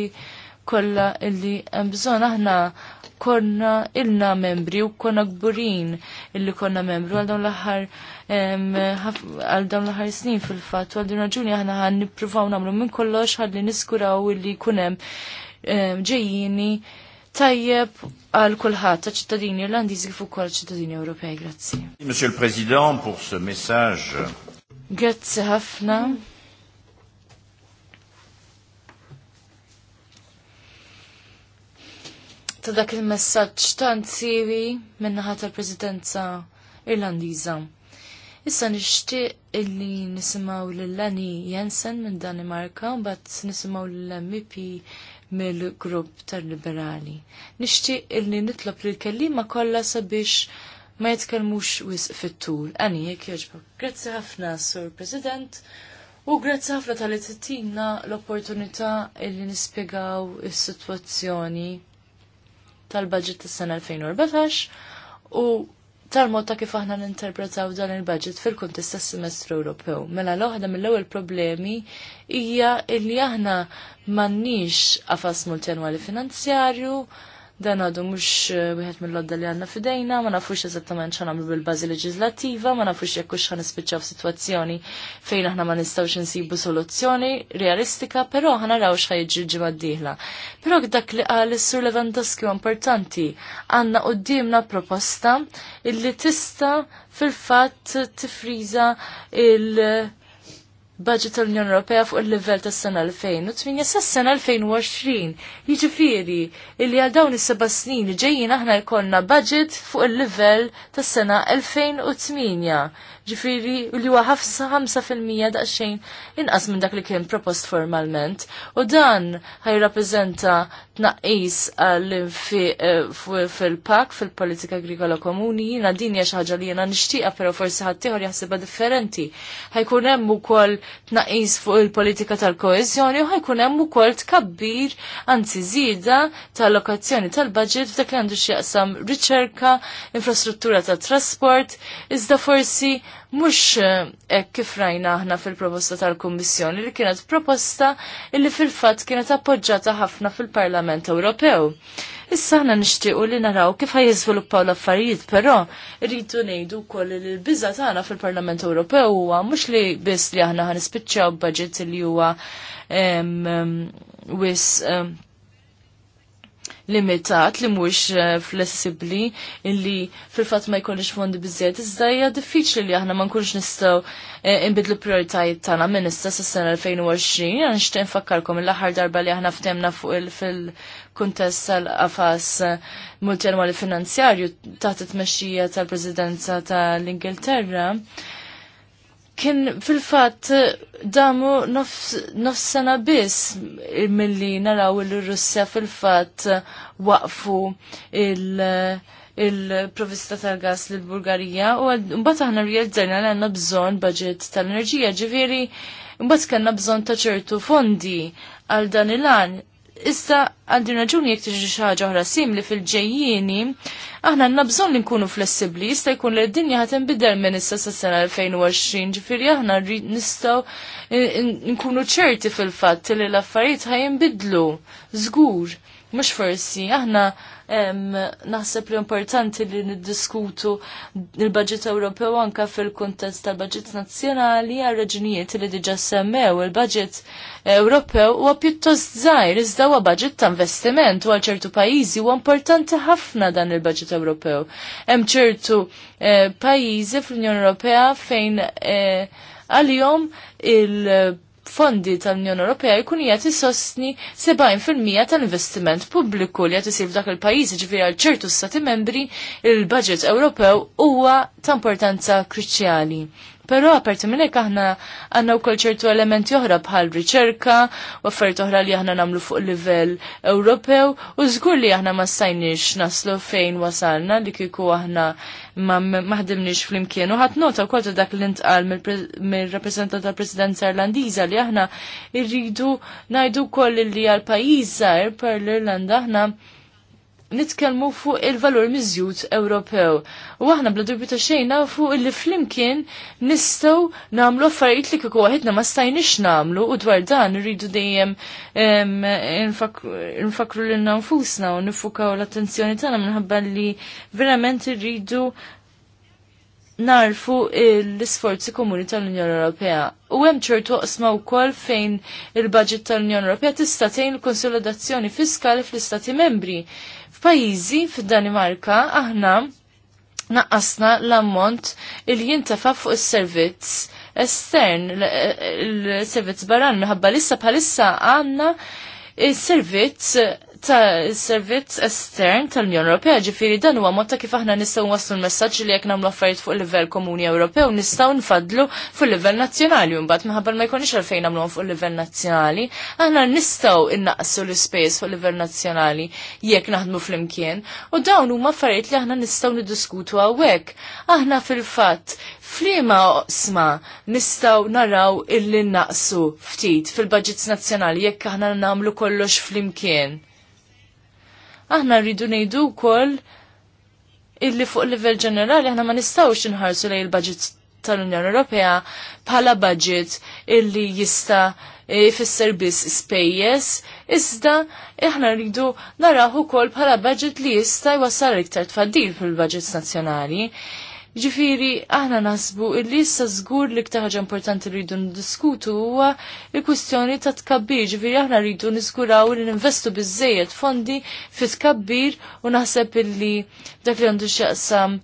kollha illi hemm bżonn aħna konna ilna membri u konna gburin illi konna membru għal dawn l-aħħar għal dawn l-aħħar snin fil-fatt u għal raġuni aħna għan nippruvaw nagħmlu minn kollox ħalli niskuraw illi jkun hemm ġejjini tajjeb għal kulħadd ta' ċittadini Irlandiżi kif ukoll ċittadini Ewropej. Grazzi. Monsieur le Président pour ce message. Grazzi ħafna. ta' dak il-messaġġ tant siri minnaħa tal-Presidenza Irlandiża. Issa nixtieq illi nisimgħu lil Lani Jensen minn Danimarka, mbagħad nisimgħu lill-MP mill-grupp tal-liberali. Nixtieq illi nitlob li l-kellima kollha sabiex ma jitkellmux wisq fit-tul. Għani jekk jogħġbok. Grazzi ħafna, Sur President, u grazzi ħafna tal tittina l-opportunità illi nispjegaw is-sitwazzjoni tal-budget tas-sena 2014 u tal-mod ta' kif aħna ninterpretaw dan il-budget fil-kuntest tas-semestru Ewropew. Mela l-oħda mill-ewwel problemi hija li aħna m'għandniex qafas multjanwali finanzjarju, dan għadu mux eh, wieħed mill-lodda li għanna fidejna, ma nafux eżattament xan għamlu bil-bazi leġislattiva, ma nafux jekk xan nispiċċaw situazzjoni fejn aħna ma nistawx nsibu soluzzjoni realistika, però ħana raw xħajġi ġimma d-dihla. Però dak li għal sur Lewandowski importanti, għanna dimna proposta illi tista fil-fat tifriza il- budget tal-Unjoni Ewropea fuq il-livell tas-sena 2008 sas sena 2020. Jiġifieri illi għal dawn is-seba' snin li ġejjin aħna jkollna budget fuq il-livell tas-sena 2008 ġifiri li huwa ħafsa 5% daqsxejn inqas minn dak li kien propost formalment. U dan ħajrappreżenta tnaqqis eh, eh, fil-pak fil-politika agrikola komuni jiena din hija xi ħaġa li jiena nixtieqha però forsi ħaddieħor jaħsibha differenti. Ħajkun hemm ukoll tnaqqis fuq il-politika tal-koeżjoni u ħajkun hemm ukoll tkabbir anzi żieda tal-allokazzjoni tal-budget f'dak li għandu x'jaqsam riċerka, infrastruttura tat trasport, iżda forsi mux ek eh, kif rajna aħna fil-proposta tal-Kommissjoni li kienet proposta illi fil-fat kienet appoġġata ħafna fil-Parlament Ewropew. Issa aħna nixtiequ li naraw kif ħajjiżviluppaw l-affarijiet, però rridu ngħidu wkoll li l-biża tagħna fil-Parlament Ewropew huwa mhux li biss li aħna ħanispiċċaw budget li huwa wis um, limitat li mhux eh, flessibbli illi fil-fatt ma jkunx fondi biżejjed iżda hija diffiċli li aħna ma nkunx nistgħu eh, inbidlu prioritajiet tagħna minn issa sas-sena 2020 għan nixtieq nfakkarkom l-aħħar darba li aħna ftemna fuq il fil-kuntest tal-qafas eh, multjanwali finanzjarju taħt it-tmexxija tal-Presidenza tal-Ingilterra kien fil-fat damu nofs sena biss mill-li naraw il-Russja fil-fat waqfu il- provista tal-gas l-Bulgarija u mbagħad aħna rjeżdejna li għandna bżonn budget tal-enerġija ġifieri mbagħad kanna bżonn ta' ċertu fondi għal dan il-għan Issa għandi raġuni jek tiġi xaġa oħra simli fil-ġejjieni, aħna għandna bżonn li nkunu flessibbli, jista' jkun li d-dinja ħatem bidel minn issa sa sena 2020, ġifiri aħna nistgħu nkunu ċerti fil-fatt li l-affarijiet bidlu, żgur, mhux forsi aħna naħseb li importanti li niddiskutu il-budget Ewropew anka fil-kuntest tal-budget nazzjonali għal raġunijiet li diġa semmew il-budget Ewropew huwa pjuttost żgħir iżda huwa budget ta' investiment u għal ċertu pajjiżi huwa importanti ħafna dan il-budget Ewropew. Hemm ċertu eh, pajjiżi fl-Unjoni Ewropea fejn eh, għal-jom il- fondi tal-Unjoni Ewropea jkun qed isostni 70% tal-investiment pubbliku li qed isir f'dak il-pajjiż ġifieri għal ċertu stati membri il-budget Ewropew huwa ta' importanza kruċjali. Però aperti minn aħna għandna wkoll ċertu elementi oħra bħal riċerka, u affert oħra li aħna nagħmlu fuq livell Ewropew u żgur li aħna ma stajniex naslu fejn wasalna li kieku aħna ma maħdimniex flimkien u ħadd nota wkoll dak li ntqal mill rappreżentant tal-Presidenza Irlandiża li aħna irridu ngħidu wkoll li għal pajjiż per l-Irlanda aħna nitkellmu fuq il-valur miżjud Ewropew. U aħna bla dubju ta' xejn nafu li flimkien nistgħu nagħmlu affarijiet li kieku waħedna ma stajniex nagħmlu u dwar dan irridu dejjem nfakru lilna nfusna u nifukaw l-attenzjoni tagħna minħabba li verament irridu narfu l-isforzi komuni tal-Unjoni Ewropea. U hemm ċertu qsma wkoll fejn il-budget tal-Unjoni Ewropea tista' tgħin l-konsolidazzjoni fiskali fl-Istati membri pajizi fid-Danimarka aħna naqqasna l-ammont il jintafa fuq is-servizz estern, il-servizz baran, minħabba lissa bħalissa għandna il-servizz ta' servizz estern tal-Unjoni Ewropea, ġifiri dan huwa mod ta' kif aħna nistgħu waslu l-messaġġ li jekk nagħmlu affarijiet fuq livell komuni Ewropew nistgħu nfadlu fuq livell nazzjonali u mbagħad minħabba ma jkunx għalfejn nagħmluhom fuq livell nazzjonali, aħna nistgħu innaqsu l ispejs fuq livell nazzjonali jekk naħdmu flimkien u dawn huma affarijiet li aħna nistgħu niddiskutu hawnhekk. Aħna fil-fatt Flima oqsma nistaw naraw illi naqsu ftit fil-budgets nazzjonali jekk aħna nagħmlu kollox flimkien aħna rridu ngħidu wkoll illi fuq livell ġenerali aħna ma nistgħux inħarsu lejn il-budget tal-Unjoni Ewropea bħala budget illi jista' jfisser biss spejjeż, iżda aħna rridu narahu kol bħala budget li jista' jwassal iktar tfaddil fil-budgets nazzjonali. Ġifiri, aħna nasbu illi issa żgur li ħaġa importanti li rridu ndiskutu huwa il-kwistjoni ta' tkabbir. Ġifiri, aħna rridu niskuraw li ninvestu biżejjed fondi fi tkabbir u naħseb illi dak li għandu x'jaqsam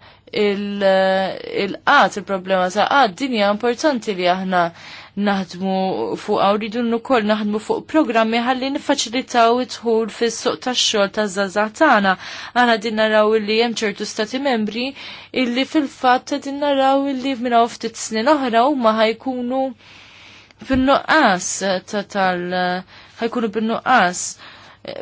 il-qat, il-problema ta' qat, dinja importanti li aħna naħdmu fuq n nukoll naħdmu fuq programmi ħalli it-ħur fis-suq tax-xogħol ta' zazatana. Għana din naraw illi hemm ċertu stati membri illi fil-fatt qegħdin naraw illi minn ftit snin oħra huma ħajkunu bin-nuqqas ta' tal ħajkunu bin-nuqqas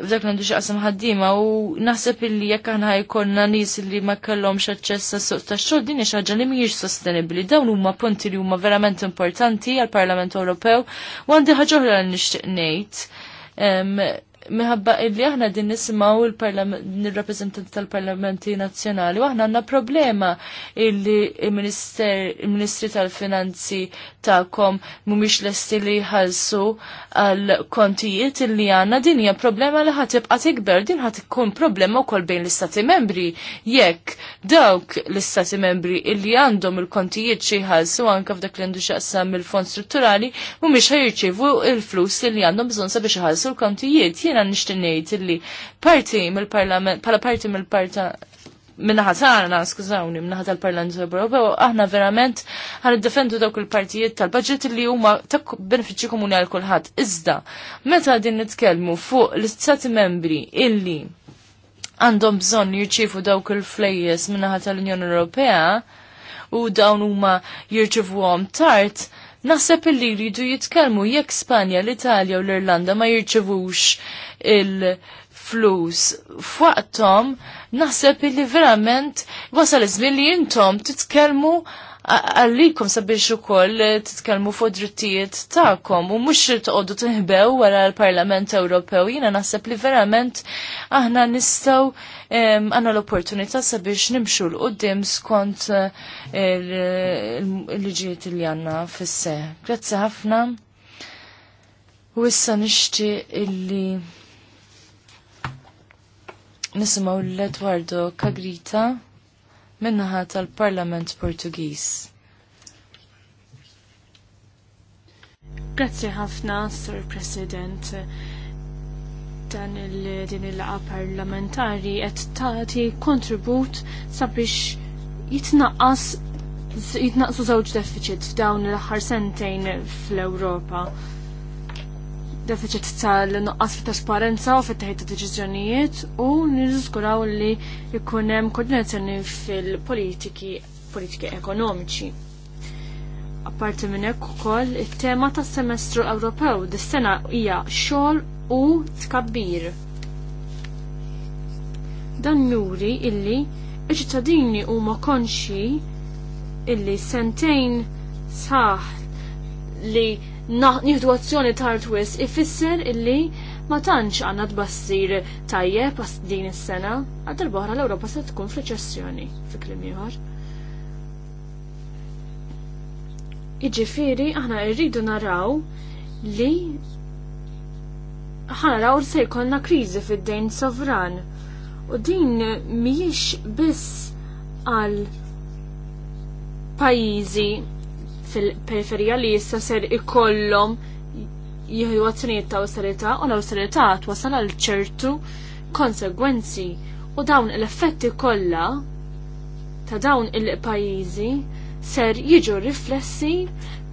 b'dak l-għandu xaqsam ħaddima u naħseb illi jekk aħna ħajkonna nies illi ma kellhomx aċċess suq tax-xogħol din hija ħaġa li mhijiex sostenibbli. Dawn huma punti li huma verament importanti għall-Parlament Ewropew u għandi ħaġa oħra li nixtieq ngħid Meħabba illi aħna din nisimaw il-rappresentanti tal-parlamenti nazjonali, u aħna għanna problema illi il-ministri tal-finanzi ta'kom mumiex lesti li jħalsu għal-kontijiet illi għanna din hija problema li ħatibqa tikber, din ħat ikun problema wkoll bejn l-istati membri. Jekk dawk l-istati membri illi għandhom il-kontijiet xi jħalsu anke f'dak li għandu xaqsam il-fond strutturali mumiex ħajrċivu il-flus illi għandhom bżonn sabiex iħallsu l-kontijiet. Jiena jiena nixtieq ngħid illi parti mill-Parlament bħala parti mill-parta minnaħa tagħna, skużawni, minnaħa tal-Parlament Ewropew, aħna verament ħan defendu dawk il-partijiet tal-budget li huma ta' benefiċċji komuni għal kulħadd. Iżda, meta din nitkellmu fuq l-istati membri illi għandhom bżonn jirċievu dawk il-flejjes minnaħa tal-Unjoni Ewropea u dawn huma jirċivuhom tard, Naħseb illi jridu jitkellmu jekk Spanja, l-Italja u l-Irlanda ma jirċevux il-flus f'waqthom, naħseb illi verament wasal iż-żmien li intom titkellmu għallikom sabiex ukoll titkellmu fuq drittijiet tagħkom u mhux tqogħdu tinħbew wara l-Parlament Ewropew. Jiena naħseb li verament aħna nistgħu għandna l-opportunità sabiex nimxu eh, l qudiem skont l ġiet li għandna fisse. Grazzi ħafna. U issa nixtieq illi nisimgħu l-Edwardo Kagrita minnaħa tal-Parlament Portugis. Grazzi ħafna, Sur President dan il-din il-laqa parlamentari qed tagħti kontribut sabiex jitnaqqas jitnaqsu żewġ deficit f'dawn l-aħħar sentejn fl-Ewropa deficit tal-nuqqas fit trasparenza u fit-teħid ta' deċiżjonijiet u niżguraw li jkun hemm koordinazzjoni fil-politiki politiki ekonomiċi. Apparti minn hekk ukoll it-tema tas-semestru Ewropew dis-sena hija xogħol u tkabbir. Dan juri illi iċ-ċittadini huma konxi illi sentejn saħ li nieħdu azzjoni tartwis ifisser illi ma tantx għandna tbassir tajjeb għas din is-sena, għal darba l-Ewropa se tkun f'reċessjoni fi kliem ieħor. Iġifieri aħna rridu naraw li ħanaraw se jkollna kriżi fid-dejn sovran. U din mhijiex biss għal pajjiżi fil-periferija li jissa ser ikollhom jieħu azzjonijiet ta' austerita u l-awsterità twasal għal ċertu konsegwenzi u dawn l-effetti kollha ta' dawn il-pajjiżi ser jiġu riflessi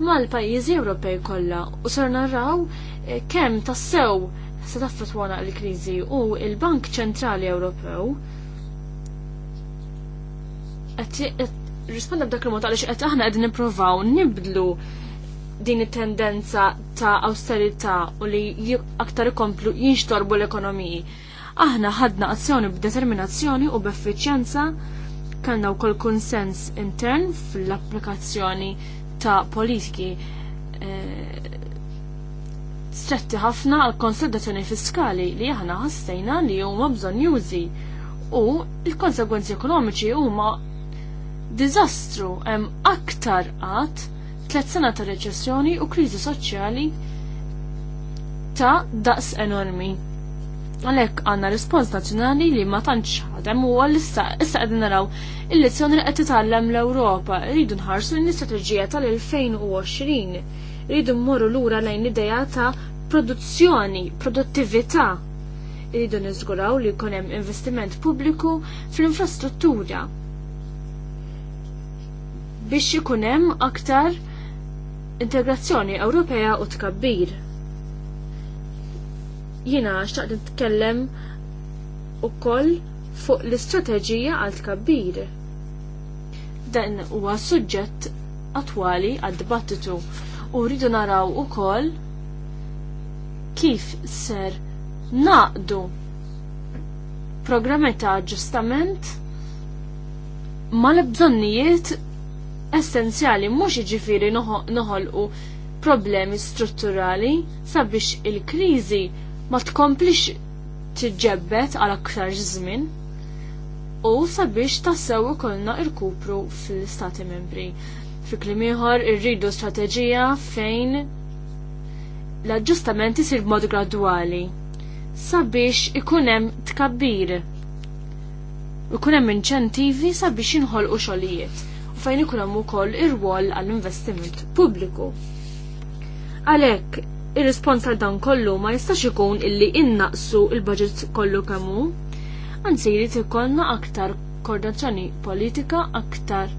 mal-pajjiżi Ewropej kollha u ser naraw eh, kemm tassew se taffetwana l-kriżi u l-Bank Ċentrali Ewropew risponda b'dak il-mod għaliex qed aħna qegħdin nippruvaw nibdlu din it-tendenza ta' austerità u li aktar ikomplu jinxtorbu l-ekonomiji. Aħna ħadna azzjoni b'determinazzjoni u b'effiċjenza kellna wkoll kunsens intern fl-applikazzjoni ta' politiki eh, stretti ħafna għal konsolidazzjoni fiskali li aħna ħassejna li huma bżonn jużi u l-konsegwenzi ekonomiċi huma diżastru hemm aktar qatt, tliet sena ta' reċessjoni u kriżi soċjali ta' daqs enormi. Għalhekk għandna rispons nazzjonali li ma tantx ħadem huwa issa issa qegħdin naraw il-lezzjoni li qed titgħallem l-Ewropa rridu nħarsu l-istrateġija tal-2020. Rridu mmorru lura lejn l-idea ta' produzzjoni, produttività Rridu niżguraw li jkun hemm investiment pubbliku fl-infrastruttura biex ikun hemm aktar integrazzjoni Ewropea u tkabbir. Jiena xtaqt nitkellem ukoll fuq l-istrateġija għal tkabbir. Dan huwa suġġett attwali għad-dibattitu u rridu naraw ukoll kif ser naqdu programmi ta' aġġustament mal bżonnijiet essenzjali mhux jiġifieri noħolqu problemi strutturali sabiex il-kriżi ma tkomplix tiġġebbet għal aktar żmien u sabiex tassew ikollna irkupru fl-Stati membri. Fi kliem ieħor irridu strateġija fejn l-aġġustamenti sir b'mod gradwali sabiex ikun hemm tkabbir. Ikun hemm inċentivi sabiex inħolqu xogħlijiet fejn ikun hemm ukoll ir-rwol għall-investiment pubbliku. Għalhekk, ir-rispons għal dan kollu ma jistax ikun illi innaqsu il-budget kollu kemm hu, anzi jrid ikollna aktar koordinazzjoni politika, aktar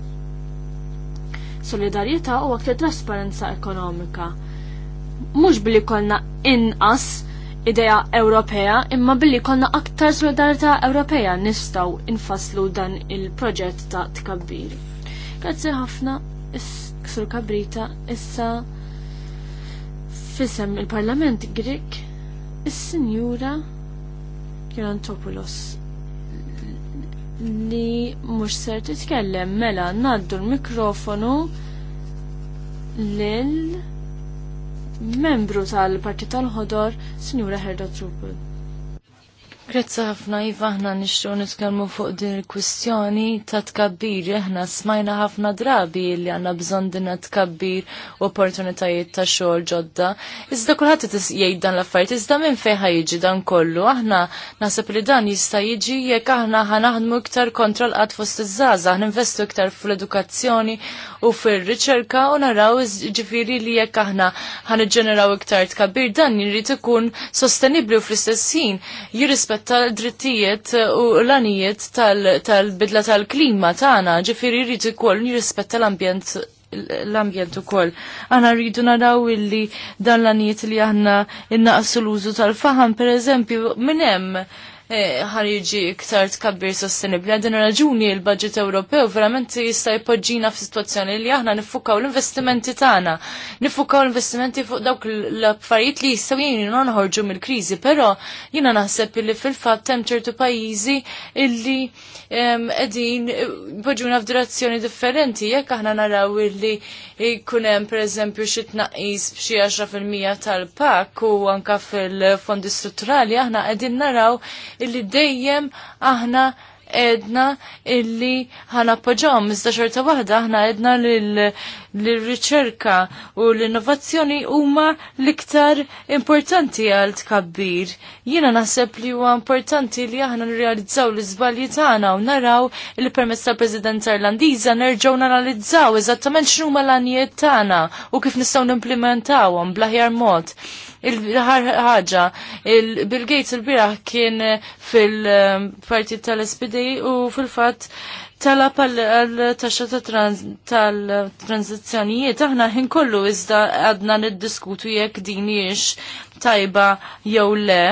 solidarjetà u aktar trasparenza ekonomika. Mhux billi kollna inqas idea Ewropea imma billi konna aktar solidarità Ewropea nistaw infaslu dan il-proġett ta' tkabbir. Grazzi ħafna sur kabrita issa fisem il-Parlament Grek is-Sinjura Kirantopoulos li mhux ser titkellem mela naddu l-mikrofonu lil membru tal-Partit tal-Ħodor, Sinjura Herda Trupel. Grazzi ħafna Iva ħna nixtru nitkellmu fuq din il-kwistjoni ta' tkabbir. Aħna smajna ħafna drabi li għandna bżonn dinna tkabbir u opportunitajiet ta' xogħol ġodda. Iżda kulħadd jgħid dan l-affarijiet, iżda minn fejn jiġi dan kollu. Aħna naħseb li dan jista' jiġi jekk aħna ħanaħdmu iktar kontra l-qatt fost iż-żgħażagħ, ninvestu iktar fl-edukazzjoni u fir-riċerka u naraw ġifieri li jekk aħna ħaniġġeneraw iktar tkabbir dan jrid ikun sostenibbli u fl-istess ħin jirrispetta tal drittijiet u l-anijiet tal-bidla tal-klima tagħna, ġifieri jrid ikoll nirrispetta l-ambjent l-ambjent u koll. Għana rridu naraw illi dan l-anijiet li għanna innaqsu l-użu tal faħan per eżempju, minnem Eh, ħarġi iktar tkabbir sostenibli. Għadin raġuni il-budget Ewropew verament jista' jpoġġina f'sitwazzjoni li aħna nifukaw l-investimenti tagħna. Nifukaw l-investimenti fuq dawk l-affarijiet li jistgħu jgħinu nħorġu mill-kriżi, però jiena naħseb li fil-fatt hemm ċertu pajjiżi illi qegħdin jpoġġuna f'direzzjoni differenti jekk aħna naraw illi jkun hemm pereżempju xi tnaqqis b'xi 10% tal-pak u anka fil-fondi strutturali aħna qegħdin naraw illi dejjem aħna edna illi ħanappoġom, iżda xorta waħda aħna edna l-riċerka u l-innovazzjoni huma l-iktar importanti għal tkabbir. Jiena naħseb li huwa importanti li aħna nirrealizzaw l-iżbalji tagħna u naraw li permezz tal-President Irlandiża nerġgħu nanalizzaw eżattament x'numa l-għanijiet tagħna u kif nistgħu nimplementawhom bl-aħjar mod. Il-ħar ħaġa, il-Bill Gates il-biraħ kien fil-partit tal-SPD u fil-fat talab għal-taxxa tal-tranzizzjonijiet, aħna ħin kollu iżda għadna niddiskutu jekk dinix tajba jew le.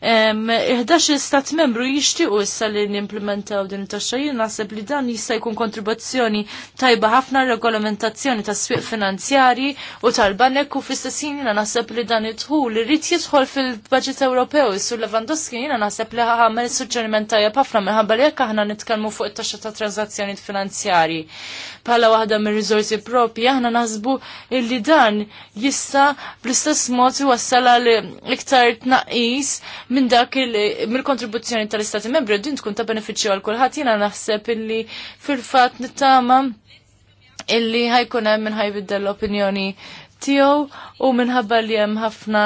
11 stat membru jixtiequ issa li n-implementaw din it-taxxa jien naħseb li dan jista' jkun kontribuzzjoni tajba ħafna regolamentazzjoni ta' swieq finanzjarji u tal-banek u fl-istess jiena naħseb li dan idħul irid jidħol fil-baġit Ewropew sur Lewandowski jiena naħseb li ħamel suġġeriment tajjeb ħafna minħabba li jekk aħna nitkellmu fuq it-taxxa ta' transazzjoni finanzjarji pala waħda mir rizorsi propi, aħna naħsbu illi dan jista bl-istess mod iwassal għal iktar tnaqqis minn dak mill-kontribuzzjoni tal-Istati Membri din tkun ta' benefiċċju għal kulħadd jiena naħseb illi fil-fatt nittama' illi ħajkun hemm minħaj biddel l-opinjoni tiegħu u minħabba li hemm ħafna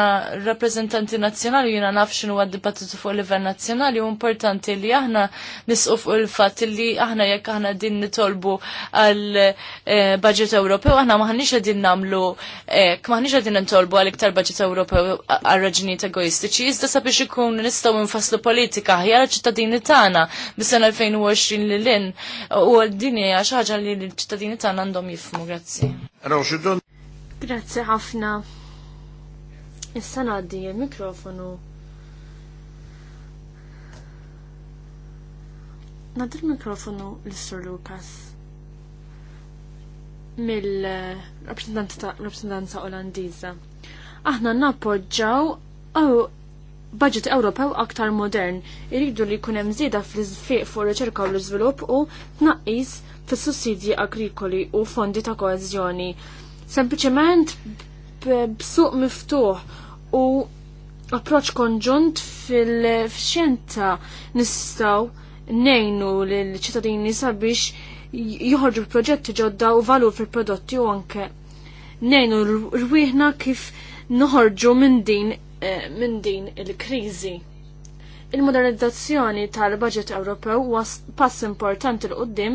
rappreżentanti nazzjonali jiena naf x'inhu għad-dibattitu fuq livell nazzjonali u importanti li aħna nisqu fuq il-fatt li aħna jekk aħna din nitolbu għal eh, budget Ewropew aħna maħniex qegħdin nagħmlu hekk maħniex qegħdin nitolbu għal iktar budget Ewropew għal raġunijiet egoistiċi iżda sabiex ikun nistgħu nfasslu politika ħjar ċittadini tagħna bis-sena 2020 lil in u din hija xi ħaġa li l-ċittadini tagħna għandhom jifhmu grazzi. Grazzi ħafna. Issa ngħaddi il-mikrofonu. Nad il-mikrofonu l-Sur Lukas mill-rappresentanza Olandiża. Aħna nappoġġaw oh, budget Ewropew aktar modern, iridu li jkun hemm żieda fl-iżfiq fuq riċerka u l-iżvilupp u tnaqqis fis-sussidji agrikoli u fondi ta' koeżjoni sempliċement b'suq miftuħ u approċ konġunt fil-xjenza nistaw nejnu l-ċittadini sabiex joħorġu proġetti ġodda u valur fil-prodotti u anke nejnu rwieħna kif noħorġu minn din eh, il-kriżi. Il-modernizzazzjoni tal-budget Ewropew huwa pass importanti l qoddim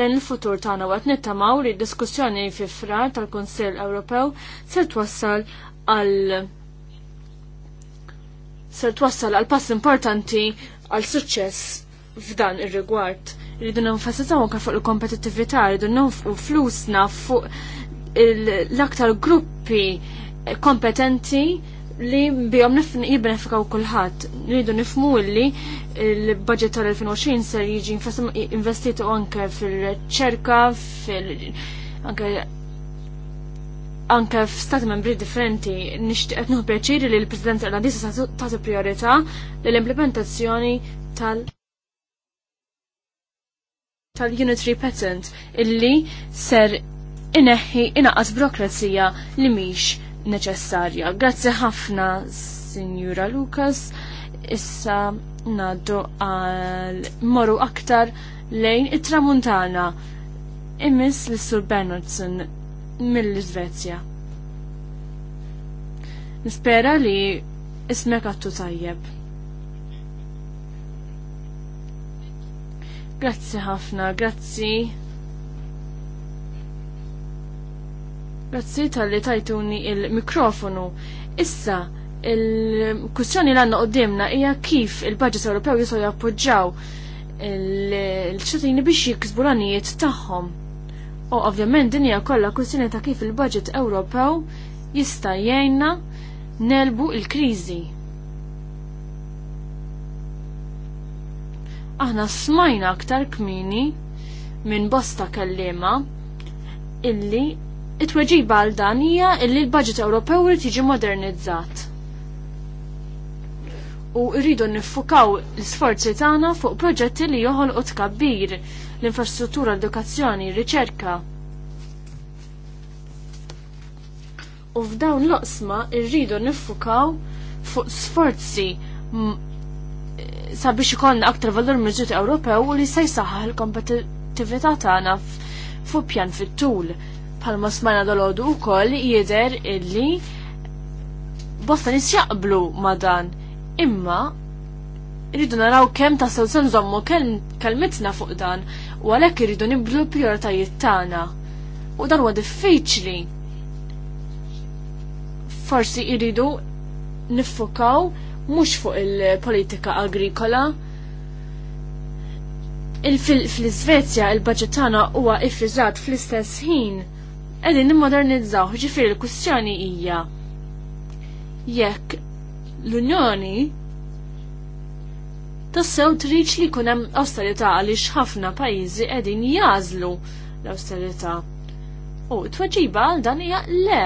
lejn il-futur tagħna waqt nittamaw li d-diskussjoni fi frar tal-Kunsill Ewropew se twassal għal se twassal għal pass importanti għal suċċess f'dan ir-rigward. Rridu nenfasizzaw anke fuq il-kompetittività, rridu nonfqu flusna fuq l-aktar gruppi kompetenti li bihom jibbenefikaw kulħadd. Nridu nifmu li l-budget tal-2020 ser jiġi investitu anke fil-ċerka, fil- anke anke f'stati membri differenti nixtieq nuħu pjaċiri li l-Presidenza Irlandisa tagħti priorità lill-implementazzjoni tal- tal-unitary patent illi ser ineħħi inaqas burokrazija li mhix neċessarja. Grazzi ħafna, Sinjura Lucas, Issa naddu għal morru aktar lejn it-tramuntana. Imis l-Sur Bernardson mill-Svezja. Nispera li ismek għattu tajjeb. Grazzi ħafna, grazie. Grazzi tal-li tajtuni il-mikrofonu. Issa, il-kussjoni l-għanna qoddimna hija kif il-budget Ewropew jisaw jappoġġaw il ċittadini biex jiksbu l-għanijiet tagħhom. U ovvjament din hija kollha kwistjoni ta' kif il-budget Ewropew jista' jgħinna nelbu il kriżi Aħna smajna aktar kmini minn bosta kellima illi it-tweġiba għal dan hija li l-budget Ewropew irid jiġi modernizzat. U rridu niffukaw l-sforzi tagħna fuq proġetti li joħolqu tkabbir l-infrastruttura, edukazzjoni, riċerka. U f'dawn l-oqsma rridu niffukaw fuq sforzi sabiex ikollna aktar valur miżut Ewropew u li se jsaħħaħ il-kompetittività tagħna fuq pjan fit-tul bħalma smajna dolodu u koll jider illi bosta nis jaqblu ma dan imma rridu naraw kem ta' sal-san zommu kelmitna fuq dan u għalhekk irridu nibdlu priorita tagħna u dan huwa diffiċli forsi rridu niffokaw mhux fuq il-politika agrikola il fil-Svezja il-budget tagħna huwa iffiżat fl-istess ħin qegħdin nimmodernizzaw, ġifir il kwistjoni hija jekk l-Unjoni tassew triċ li jkun hemm awsterità għaliex ħafna pajjiżi qegħdin jażlu l-awsterità. U t-tweġiba għal dan hija le.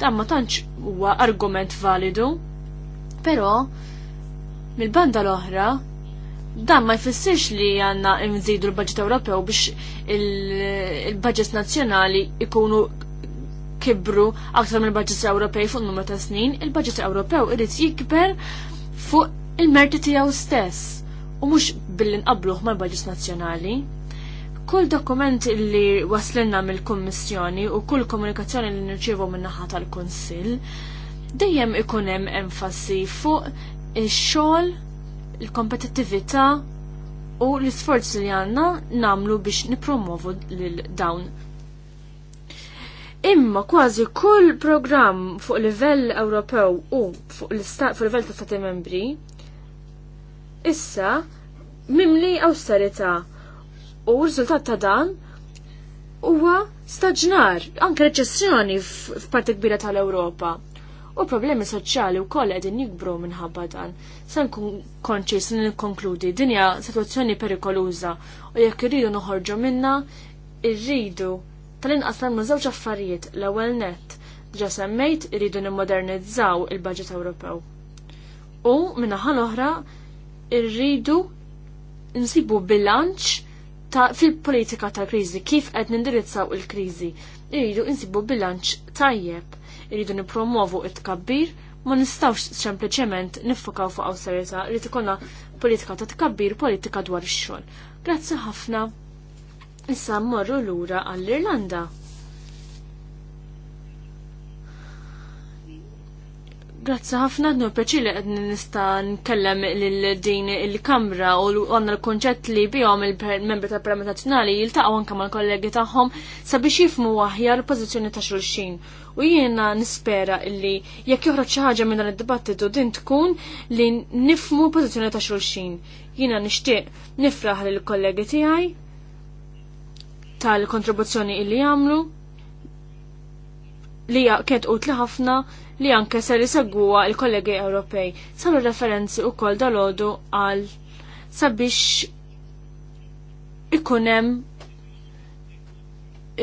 Dan ma tantx huwa argument validu. Però mill-banda l-oħra Dan ma jfissirx li għanna imżidu l-budget Ewropew biex il-budget nazzjonali ikunu kibru aktar mill budget Ewropej fuq numru ta' snin, il-budget Ewropew irid jikber fuq il-merti tiegħu stess u mhux billi nqabluh mal-budget nazzjonali. Kull dokument li waslinna mill-Kummissjoni u kull komunikazzjoni li nirċievu min-naħa tal-Kunsill dejjem ikun hemm enfasi fuq ix-xogħol l kompetittività u l-isforzi li għanna namlu biex nipromovu l-dawn. Imma kważi kull programm fuq livell Ewropew u fuq livell ta' stati membri issa mimli austerita u r-riżultat ta' dan huwa staġnar, anke reċessjoni f'parti kbira tal-Ewropa u problemi soċjali wkoll qegħdin jikbru minħabba dan. Se kun konċi li nikkonkludi din hija sitwazzjoni perikoluża u jekk irridu noħorġu minna, irridu tal-inqas nagħmlu żewġ affarijiet l-ewwel nett ġa semmejt irridu nimmodernizzaw il-Baġit Ewropew. U minnaħa l-oħra irridu nsibu bilanċ ta' fil-politika ta' kriżi, kif qed nindirizzaw il-kriżi, irridu nsibu bilanċ tajjeb irridu nipromovu it-tkabbir, ma nistawx sempliċement niffokaw fuq awsarieta li tkunna politika ta' tkabbir politika dwar ix-xogħol. Grazzi ħafna. Issa mmorru lura għall-Irlanda. Grazzi ħafna d li għed nista nkellem l-din il-kamra u għanna l-konċett li bijom il-membri tal parlament nazjonali jiltaqgħu anke mal-kollegi tagħhom sabiex jifmu aħjar pożizzjoni ta' xulxin. U jiena nispera illi jekk joħroġ xi ħaġa minn dan id-dibattitu din tkun li nifmu pożizzjoni ta' xulxin. Jiena nixtieq nifraħ lill-kollegi tiegħi tal-kontribuzzjoni illi jagħmlu li kienet utli ħafna li anke ser jisegwuha il-kollegi Ewropej. Saru referenzi wkoll dalodu għal sabiex ikun hemm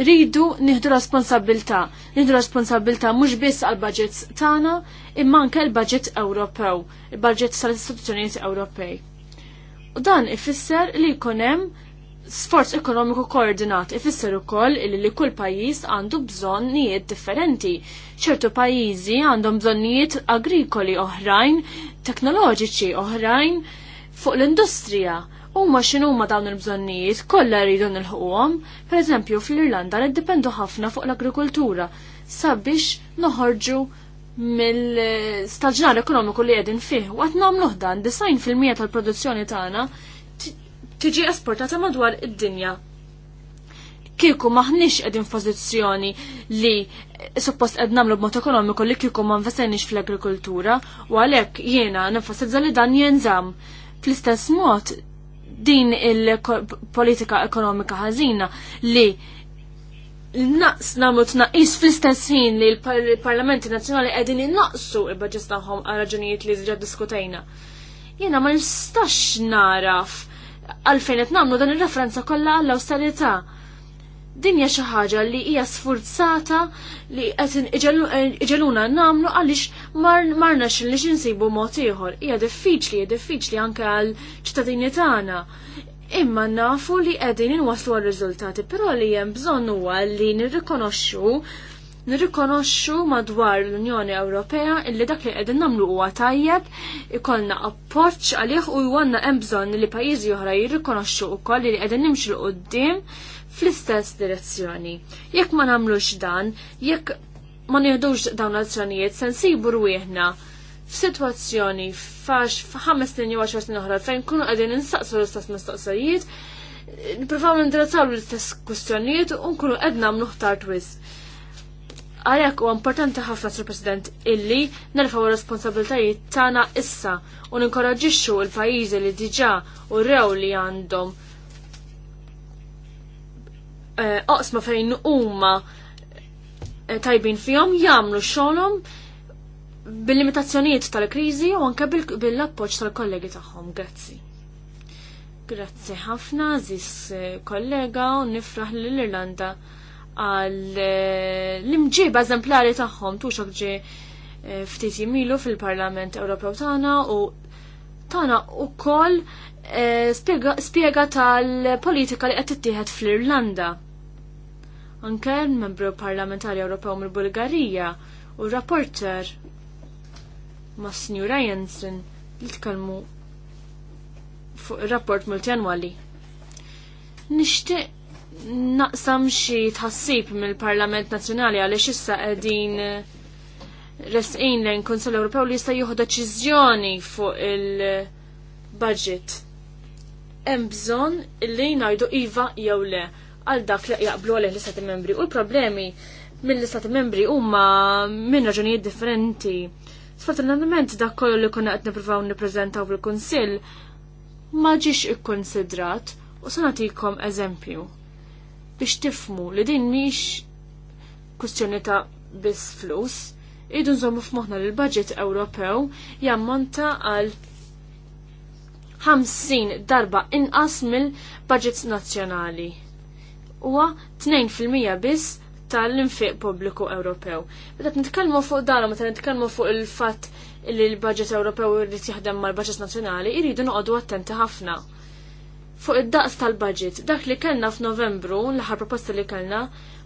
ridu nihdu responsabilta. nihdu responsabilta mhux biss għal budgets tagħna, imma anke l-budget Ewropew, il-budget tal-istituzzjonijiet Ewropej. U dan ifisser li jkun hemm sforz ekonomiku koordinat ifisser ukoll li li kull pajjiż għandu bżonnijiet differenti. ċertu pajjiżi għandhom bżonnijiet agrikoli oħrajn, teknoloġiċi oħrajn fuq l-industrija. Huma x'inhuma dawn il-bżonnijiet kollha rridu nilħquhom, pereżempju fl-Irlanda niddependu ħafna fuq l-agrikoltura sabiex noħorġu mill-staġnar ekonomiku li qegħdin fih. Waqt nagħmluh dan, 90% tal-produzzjoni tagħna tiġi esportata madwar id-dinja. Kieku maħniex qegħdin pożizzjoni li suppost namlu nagħmlu mot ekonomiku li kieku ma nfassenix fl-agrikoltura u għalhekk jiena nenfasizza li dan jenżam. Fl-istess mod din il-politika ekonomika ħażina li naqs namlu tnaqis fl-istess ħin li l-Parlamenti Nazzjonali qegħdin innaqsu il-budgets tagħhom għal raġunijiet li ġa diskutejna. Jiena ma nistax naraf għalfejn qed nagħmlu dan ir-referenza kollha għall-awsterità. Dinja xi ħaġa li hija sfurzata li qed eh, iġeluna nagħmlu għaliex marna li insibu mod ieħor. Hija diffiċli, hija diffiċli anke għal ċittadini tagħna. Imma nafu li qegħdin inwaslu għal riżultati, però li hemm bżonn huwa li nirrikonoxxu nirrikonoxxu madwar l-Unjoni Ewropea illi dak li qegħdin nagħmlu huwa tajjeb, ikollna appoġġ għalih u jwanna hemm bżonn li pajjiżi oħra jirrikonoxxu wkoll li qegħdin nimxu l qudiem fl-istess direzzjoni. Jekk ma nagħmlux dan, jekk ma nieħdux dawn l-azzjonijiet se nsibu rwieħna f'sitwazzjoni fax ħames snin jew għaxar snin oħra fejn kunu qegħdin insaqsu l-istess mistoqsijiet, nippruvaw nindirizzaw l-istess kwistjonijiet u nkunu qed nagħmlu ħtar twiss. Għalhekk huwa importanti ħafna sur President illi nerfgħu responsabiltajiet tagħna issa u ninkoraġixxu l-pajjiżi li diġà u rew li għandhom eh, oqsma fejn huma eh, tajbin fihom jagħmlu xogħolhom bil-limitazzjonijiet tal-kriżi u anke bil-appoġġ tal-kollegi tagħhom. Grazzi. Grazzi ħafna, żis eh, kollega, u nifraħ lill-Irlanda għal eh, l-imġiba eżemplari tagħhom tu xokġi eh, ftit jimilu fil-Parlament Ewropew tagħna u tagħna ukoll eh, spjega tal-politika li qed tittieħed fl-Irlanda. Anke membru parlamentari Ewropew mill-Bulgarija u rapporter ma' Sinjura Jensen li tkellmu fuq ir-rapport multianwali. Nixtieq naqsam xi tħassib mill-Parlament Nazzjonali għaliex issa qegħdin eh, resqin lejn Kunsell Ewropew li jista' jieħu deċiżjoni fuq il-budget. Hemm bżonn li ngħidu iva jew le għal dak li jaqblu għalih l-istati membri. U l-problemi mill-istati membri huma minn raġunijiet differenti. Sfortunatament dak kollu li konna qed nippruvaw nippreżentaw fil-Kunsill ma ġiex ikkonsidrat u se nagħtikom eżempju biex tifmu li din miex kustjoni ta' biss flus, idu nżommu f'moħna li l-budget Ewropew jammonta għal 50 darba inqas mill-budgets nazzjonali. Huwa 2% biss tal-infiq pubbliku Ewropew. Meta nitkellmu fuq dan meta nitkellmu fuq il-fatt li l-budget Ewropew irid jaħdem mal-budget nazzjonali, jridu noqogħdu attenti ħafna fuq id-daqs tal-budget. Dak li kellna f'Novembru, l-ħar proposta li kellna,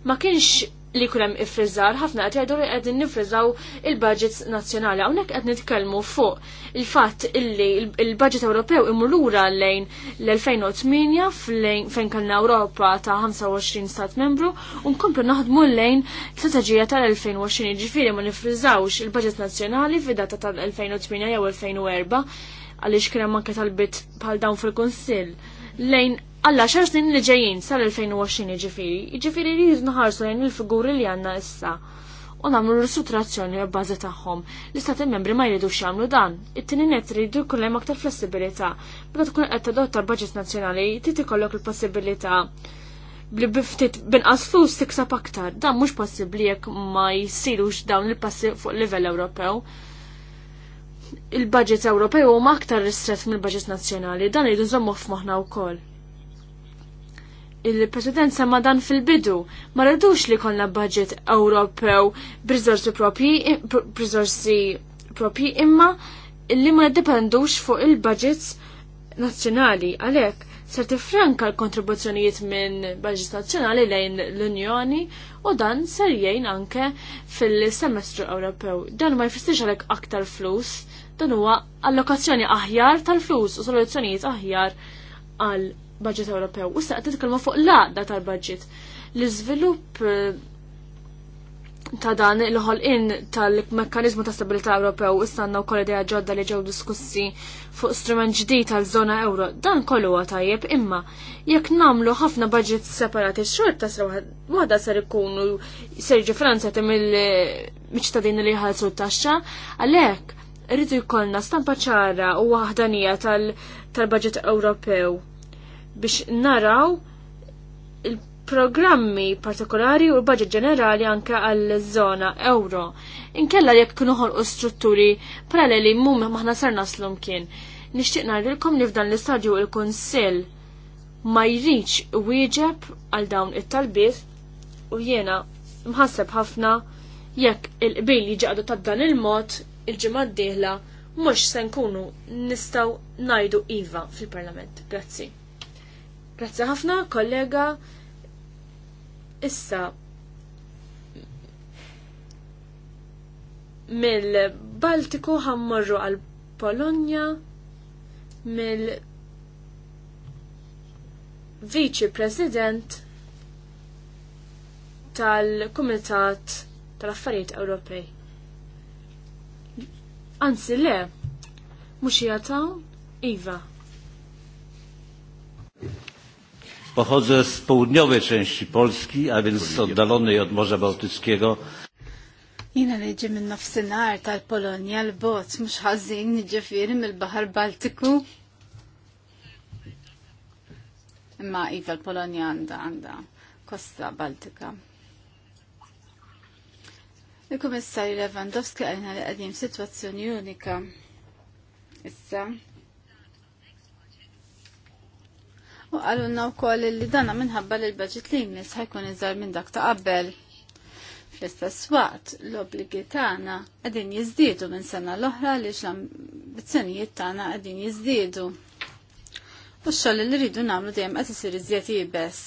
ma kienx li kulem ifrizzar, ħafna qed jgħidu li qegħdin nifrizzaw il-budgets nazzjonali. Hawnhekk qed nitkellmu fuq il-fatt illi il-budget Ewropew imur lura lejn l-2008 fejn kellna Ewropa ta' 25 stat membru u nkomplu naħdmu lejn strateġija tal-2020 ġifiri ma nifrizzawx il-budget nazzjonali fidata tal-2008 jew 2004 għaliex kien hemm anke bit bħal dawn fil-Kunsill lejn għalla xar snin li ġejjin sal-2020 ġifiri, ġifiri li nħarsu lejn il-figuri li għanna issa u namlu l sutrazzjoni u bazi tagħhom. L-istati membri ma jridux jagħmlu dan. It-tieni net jridu jkun hemm aktar flessibilità. Bada tkun qed tadotta l nazzjonali, trid ikollok il-possibilità bli biftit binqas flus tiksab aktar. Dan mhux possibbli jekk ma jsirux dawn il-passi fuq livell Ewropew il-budget Ewropew huma aktar ristret mill-budget nazzjonali, dan irridu nżommu u wkoll. Il-President semma dan fil-bidu, ma rridux li konna budget Ewropew b'riżorsi propji, b'rizorsi propji imma li ma jiddependux fuq il-budgets nazzjonali, għalhekk ser tifranka l-kontribuzzjonijiet minn budget nazzjonali lejn l-Unjoni u dan ser jgħin anke fil-semestru Ewropew. Dan ma jfistix għalhekk aktar flus dan huwa allokazzjoni aħjar tal-flus u soluzzjonijiet aħjar għal budget Ewropew. U staqt titkellmu fuq l-għaqda tal-budget. L-iżvilupp eh, ta' dan il in tal-mekkanizmu ta' stabilità Ewropew u wkoll idea ġodda li ġew diskussi fuq strument ġdid tal-żona euro. Dan kollu huwa tajjeb imma jekk nagħmlu ħafna budget separati xorta waħda ser ikunu ser Franza mill-ċittadini li jħallsu t-taxxa, għalhekk Irridu jkollna stampa ċara u waħdanija tal-budget Ewropew biex naraw il-programmi partikolari u l-budget ġenerali anke għall-żona euro. Inkella jekk u strutturi paralleli mum maħna sar naslum kien. Nixtieq ngħidilkom li f'dan l-istadju il-Kunsill ma jriċ wieġeb għal dawn it-talbiet u jiena mħasseb ħafna jekk il-qbil jiġi għadu ta' dan il-mod il-ġimgħa d-dieħla mhux se nkunu nistgħu ngħidu iva fil-Parlament. Grazzi. Grazzi ħafna, kollega. Issa mill-Baltiku ħammorru għal Polonja mill Vice President tal-Kumitat tal-Affarijiet Ewropej. Anzi le, mhux jataw iva. Pochodzę z południowej części Polski, a więc z oddalonej od Morza Bałtyckiego. Jina liġi minn nofsinar tal polonia l-bot, mux ħazin ġifiri mill-Bahar Baltiku. Imma iva l-Polonja għanda għanda kosta Baltika. Il-Kummissarju Lewandowski għalina li għadim situazzjoni unika. Issa. U għalunna u koll li dana minħabba li l-budget li jimnis ħajkun iżar minn dak ta' qabel. Fl-istess waqt, l-obligi tagħna qegħdin jiżdiedu minn sena l-oħra li l-ambizzjonijiet tagħna qegħdin jiżdiedu. U x-xogħol li rridu nagħmlu dejjem qed isir iżjed jibes.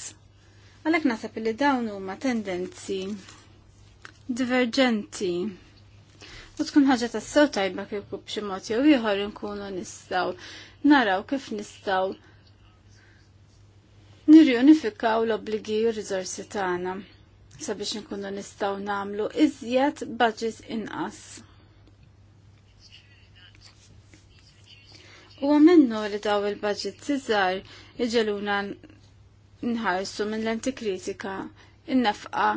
Għalhekk naħseb li dawn huma tendenzi divergenti. U tkun ħaġa tas-sew tajba kif b'xi mod jew ieħor inkunu nistgħu naraw kif nistgħu nirjunifikaw l-obbligi u r-riżorsi tagħna sabiex nkunu nistgħu nagħmlu iżjed budget inqas. U minnu li daw il-budget tiżar iġeluna nħarsu minn l-antikritika, in-nafqa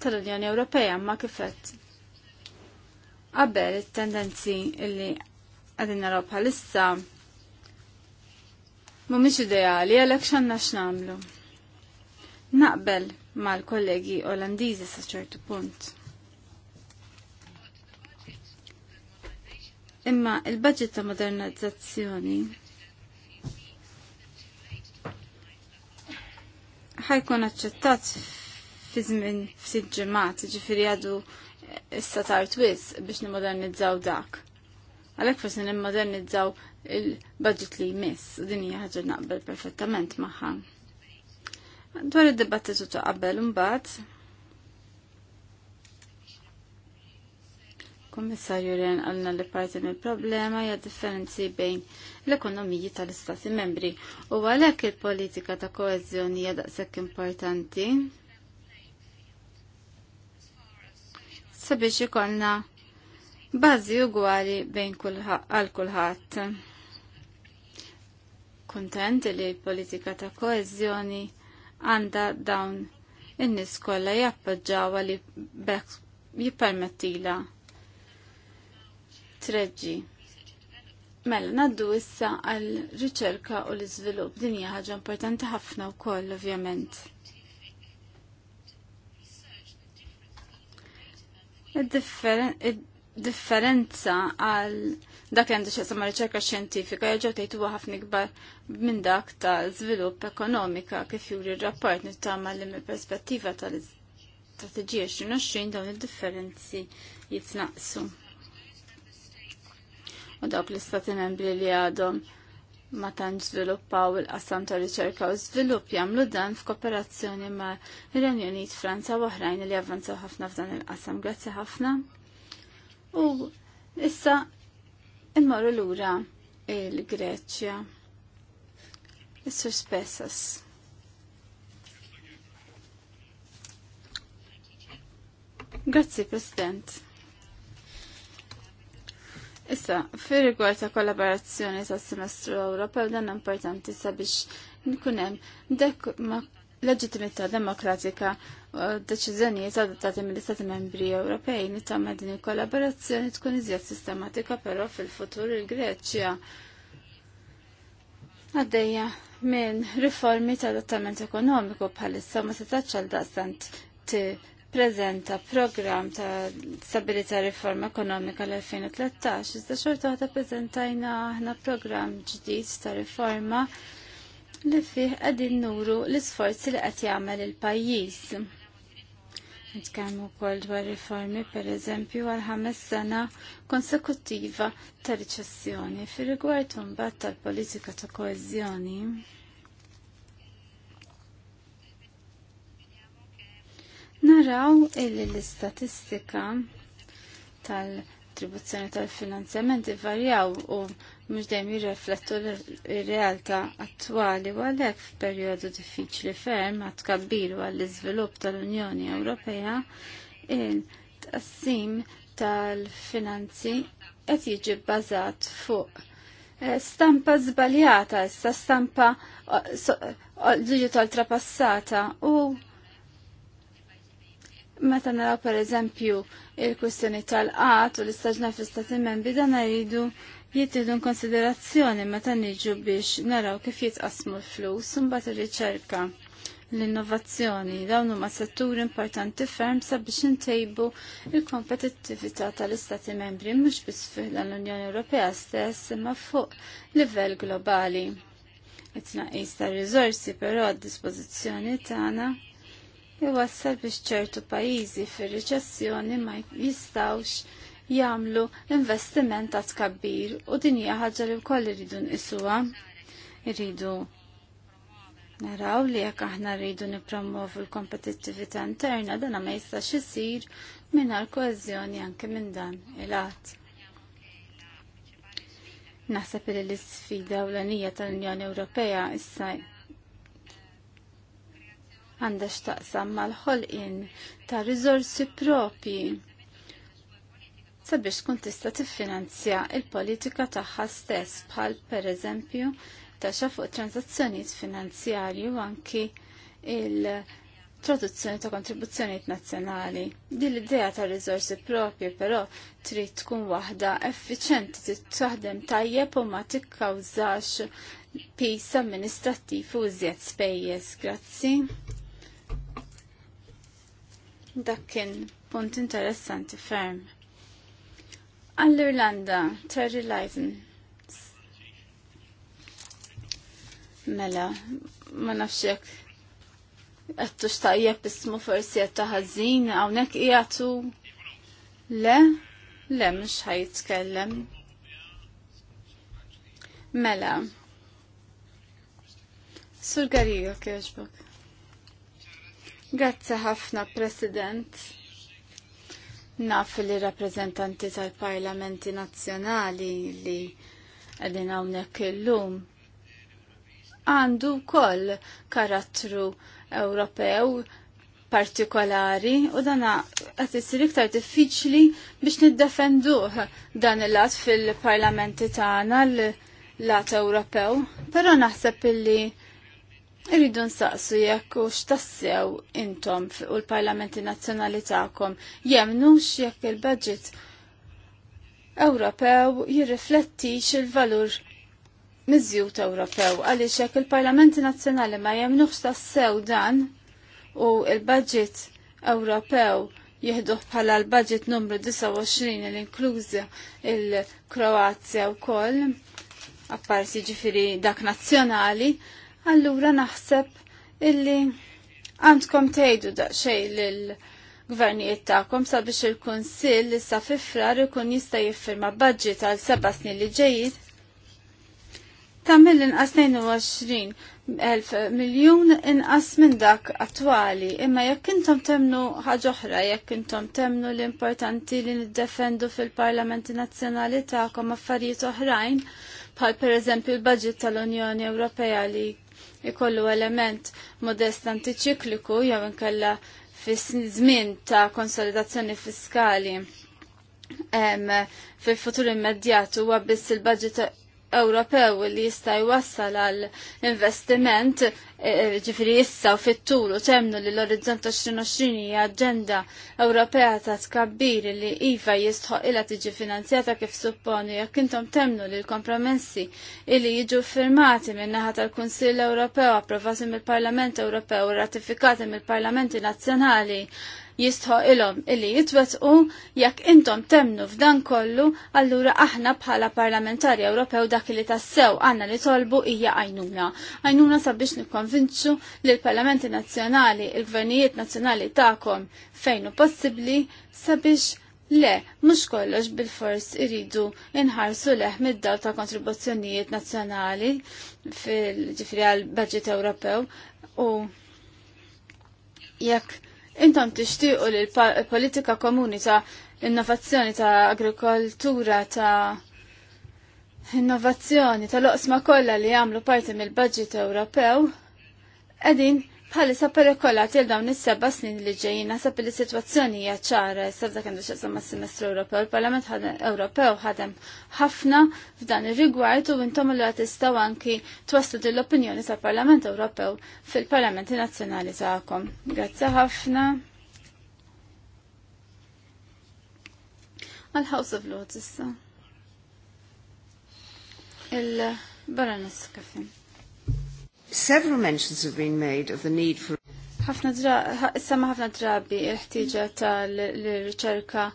tal-Unjoni Ewropea ma kifet. Qabel it-tendenzi illi għadin naraw bħalissa mhumiex ideali għalhekk x'għandna x'namlu. Naqbel mal-kollegi Olandiżi sa ċertu punt. Imma il-budget ta' modernizzazzjoni ħajkun aċċettat fi żmien ftit ġimgħat, ġifiri għadu issa tar twiz biex nimodernizzaw dak. Għalhekk forsi nimmodernizzaw il-budget li jmiss, u din hija ħaġa naqbel perfettament magħha. Dwar id-dibattitu ta' qabel imbagħad Kommissarju Ren għalna li parti mill problema hija differenzi bejn l-ekonomiji tal-Istati membri u għalhekk il-politika ta' koeżjoni hija daqshekk importanti sabiex ikollna bażi ugwali bejn għal kulħadd. Kontent li l-politika ta' koeżjoni għandha dawn in-nies kollha jappoġġawha li bekk jippermettila treġġi. Mela, naddu issa għal riċerka u l-izvilup din hija ħaġa importanti ħafna wkoll ovvjament. differenza għal dak li għandu xaqsam riċerka xjentifika jaġaw tejtu ħafna ikbar minn dak ta' żvilupp ekonomika kif juri r-rapport nittama li perspettiva tal strategija 2020 dawn id-differenzi jitnaqsu. U dawk l-istati membri li għadhom ma tan żviluppaw il-qasam ta' riċerka u żvilupp jagħmlu dan f'kooperazzjoni ma' ir-Renju Unit, Franza u oħrajn li avvanzaw ħafna f'dan il-qasam. Grazzi ħafna. U issa immorru lura il-Greċja. Is-Sur Spessas. Grazzi, President. Issa, fir rigward ta' kollaborazzjoni ta' semestru Ewropew dan importanti sabiex nkun hemm dek ma' leġitimità demokratika deċiżjonijiet adottati mill-Istati Membri Ewropej ma' din il-kollaborazzjoni tkun iżjed sistematika però fil-futur il-Greċja għaddejja minn riformi ta' adattament ekonomiku bħalissa ma setax għal daqstant prezenta programm ta' stabilita' e riforma ekonomika l-2013, iżda xorta waħda prezentajna aħna programm ġdid ta' riforma li fih qegħdin nuru l-isforzi li qed jagħmel il-pajjiż. Nitkellmu wkoll dwar riformi pereżempju għal ħames sena konsekuttiva ta' riċessjoni fir rigward mbagħad tal-politika ta' koeżjoni. naraw illi l-istatistika tal-tribuzzjoni tal-finanzjamenti varjaw u mhux dejjem jirreflettu r-realtà attwali u għalhekk f'perjodu diffiċli ferm għat kabbir u għall-iżvilupp tal-Unjoni Ewropea il-tqassim tal-finanzi qed jiġi bbażat fuq eh, stampa żbaljata, issa stampa eh, digital trapassata u Meta naraw per eżempju il-kwistjoni tal-qat u l-istaġna fl-istati membri dan rridu jittidu konsiderazzjoni meta niġu biex naraw kif jitqasmu l-flus bat il riċerka l-innovazzjoni dawn huma setturi importanti ferm sabiex intejbu il-kompetittività tal-Istati membri mhux biss fiħla l-Unjoni Ewropea stess imma fuq livell globali. It-tnaqqis tar-riżorsi però għad-dispożizzjoni tagħna iwassal biex ċertu pajjiżi fir-riċessjoni ma jistawx jagħmlu investiment ta' tkabbir u din hija ħaġa li wkoll iridu nqisuha. Iridu naraw li jekk aħna rridu nippromovu l-kompetittività interna dan ma jistax isir mingħajr koeżjoni anke minn dan il-att. Naħseb li l-isfida ewlenija tal-Unjoni Ewropea issa għandha x'taqsam mal-ħolqien ta' rizorsi propi sabiex tkun tista' tiffinanzja il-politika tagħha stess bħal pereżempju xa fuq transazzjonijiet finanzjarji u anki il-traduzzjoni ta' kontribuzzjonijiet nazzjonali. Din l-idea ta' rizorsi propri però trid tkun waħda effiċenti trid taħdem tajjeb u ma tikkawżax pis amministrattiv u żjed spejjeż. Grazzi. Dak kien punt interessanti ferm. All-Irlanda, Terry Leiden. Mela, ma nafxek għattu xtaqjeb ismu forsi għattu ħazin, għawnek jgħattu. le, le mux ħajitkellem. Mela, Sur Gariga kieġbok. Grazzi ħafna, President. Naf li rappresentanti tal-Parlamenti Nazzjonali li għedin hawnhekk illum għandu koll karattru Ewropew partikolari u dana qed isir iktar diffiċli biex niddefenduh dan il-lat fil-parlamenti tagħna l-lat Ewropew. Però naħseb illi Irridu nsaqsu jekk u x'tassew intom u l-parlamenti nazzjonali tagħkom jemnux jekk il-budget Ewropew jirriflettix il-valur miżjut Ewropew għaliex jekk il-parlamenti nazzjonali ma jemnux tassew dan u il-budget Ewropew jihduħ bħala l-budget numru 29 l-inklużi il-Kroazja u koll, apparsi ġifiri dak nazzjonali, allura naħseb illi għandkom tgħidu daqsxejn l gvernijiet tagħkom sabiex il-Kunsill issa fifrar ikun jista' jiffirma budget għal seba' snin li ġejjid. ta' mill-inqas 22 miljun inqas minn dak attwali, imma jekk intom temnu ħaġa oħra, jekk intom temnu l-importanti li niddefendu fil-Parlamenti Nazzjonali tagħkom affarijiet oħrajn, bħal pereżempju l-budget tal-Unjoni Ewropea li ikollu element modest antiċikliku jew inkella fis-żmien ta' konsolidazzjoni fiskali fil-futur immedjat huwa biss il-budget Ewropew li jista' jwassal għal investiment e, e, ġifri issa u fit-tul u temnu li l-Orizzont 2020 hija aġenda Ewropea ta' tkabbir li iva jistħoq ilha tiġi finanzjata kif supponi jekk intom temnu li l-kompromessi li jiġu firmati min-naħa tal-Kunsill Ewropew approvati mill-Parlament Ewropew u ratifikati mill-Parlamenti Nazzjonali jistħo ilom illi jitwetqu jekk intom temnu f'dan kollu allura aħna bħala parlamentari Ewropew dak li tassew għanna li tolbu hija għajnuna. Għajnuna sabiex nikkonvinċu li l-Parlamenti Nazzjonali, il-Gvernijiet Nazzjonali tagħkom fejn hu possibbli sabiex Le, mux kollox bil-fors iridu inħarsu leħ mid-daw ta' kontribuzzjonijiet nazzjonali fil-ġifri għal-budget Ewropew u jekk Intom tixtiequ li l-politika komuni ta' innovazzjoni ta' agrikoltura ta' innovazzjoni tal-oqsma kollha li jagħmlu parti mill-budget Ewropew qegħdin Bħalissa perikolat jel dawn is-seba' snin li ġejjin naħseb li situazzjoni hija ċara issa dak għandu x'aqsam mas-semestru Ewropew. Il-Parlament Ewropew ħadem ħafna f'dan ir-rigward u intom li tistgħu anki twaslu din l-opinjoni tal-Parlament Ewropew fil-Parlamenti Nazzjonali tagħkom. Grazzi ħafna. Għal-House of Lords issa. il baranus Kaffin. Several mentions have been made of the need for ħafna ħafna drabi il ta' l riċerka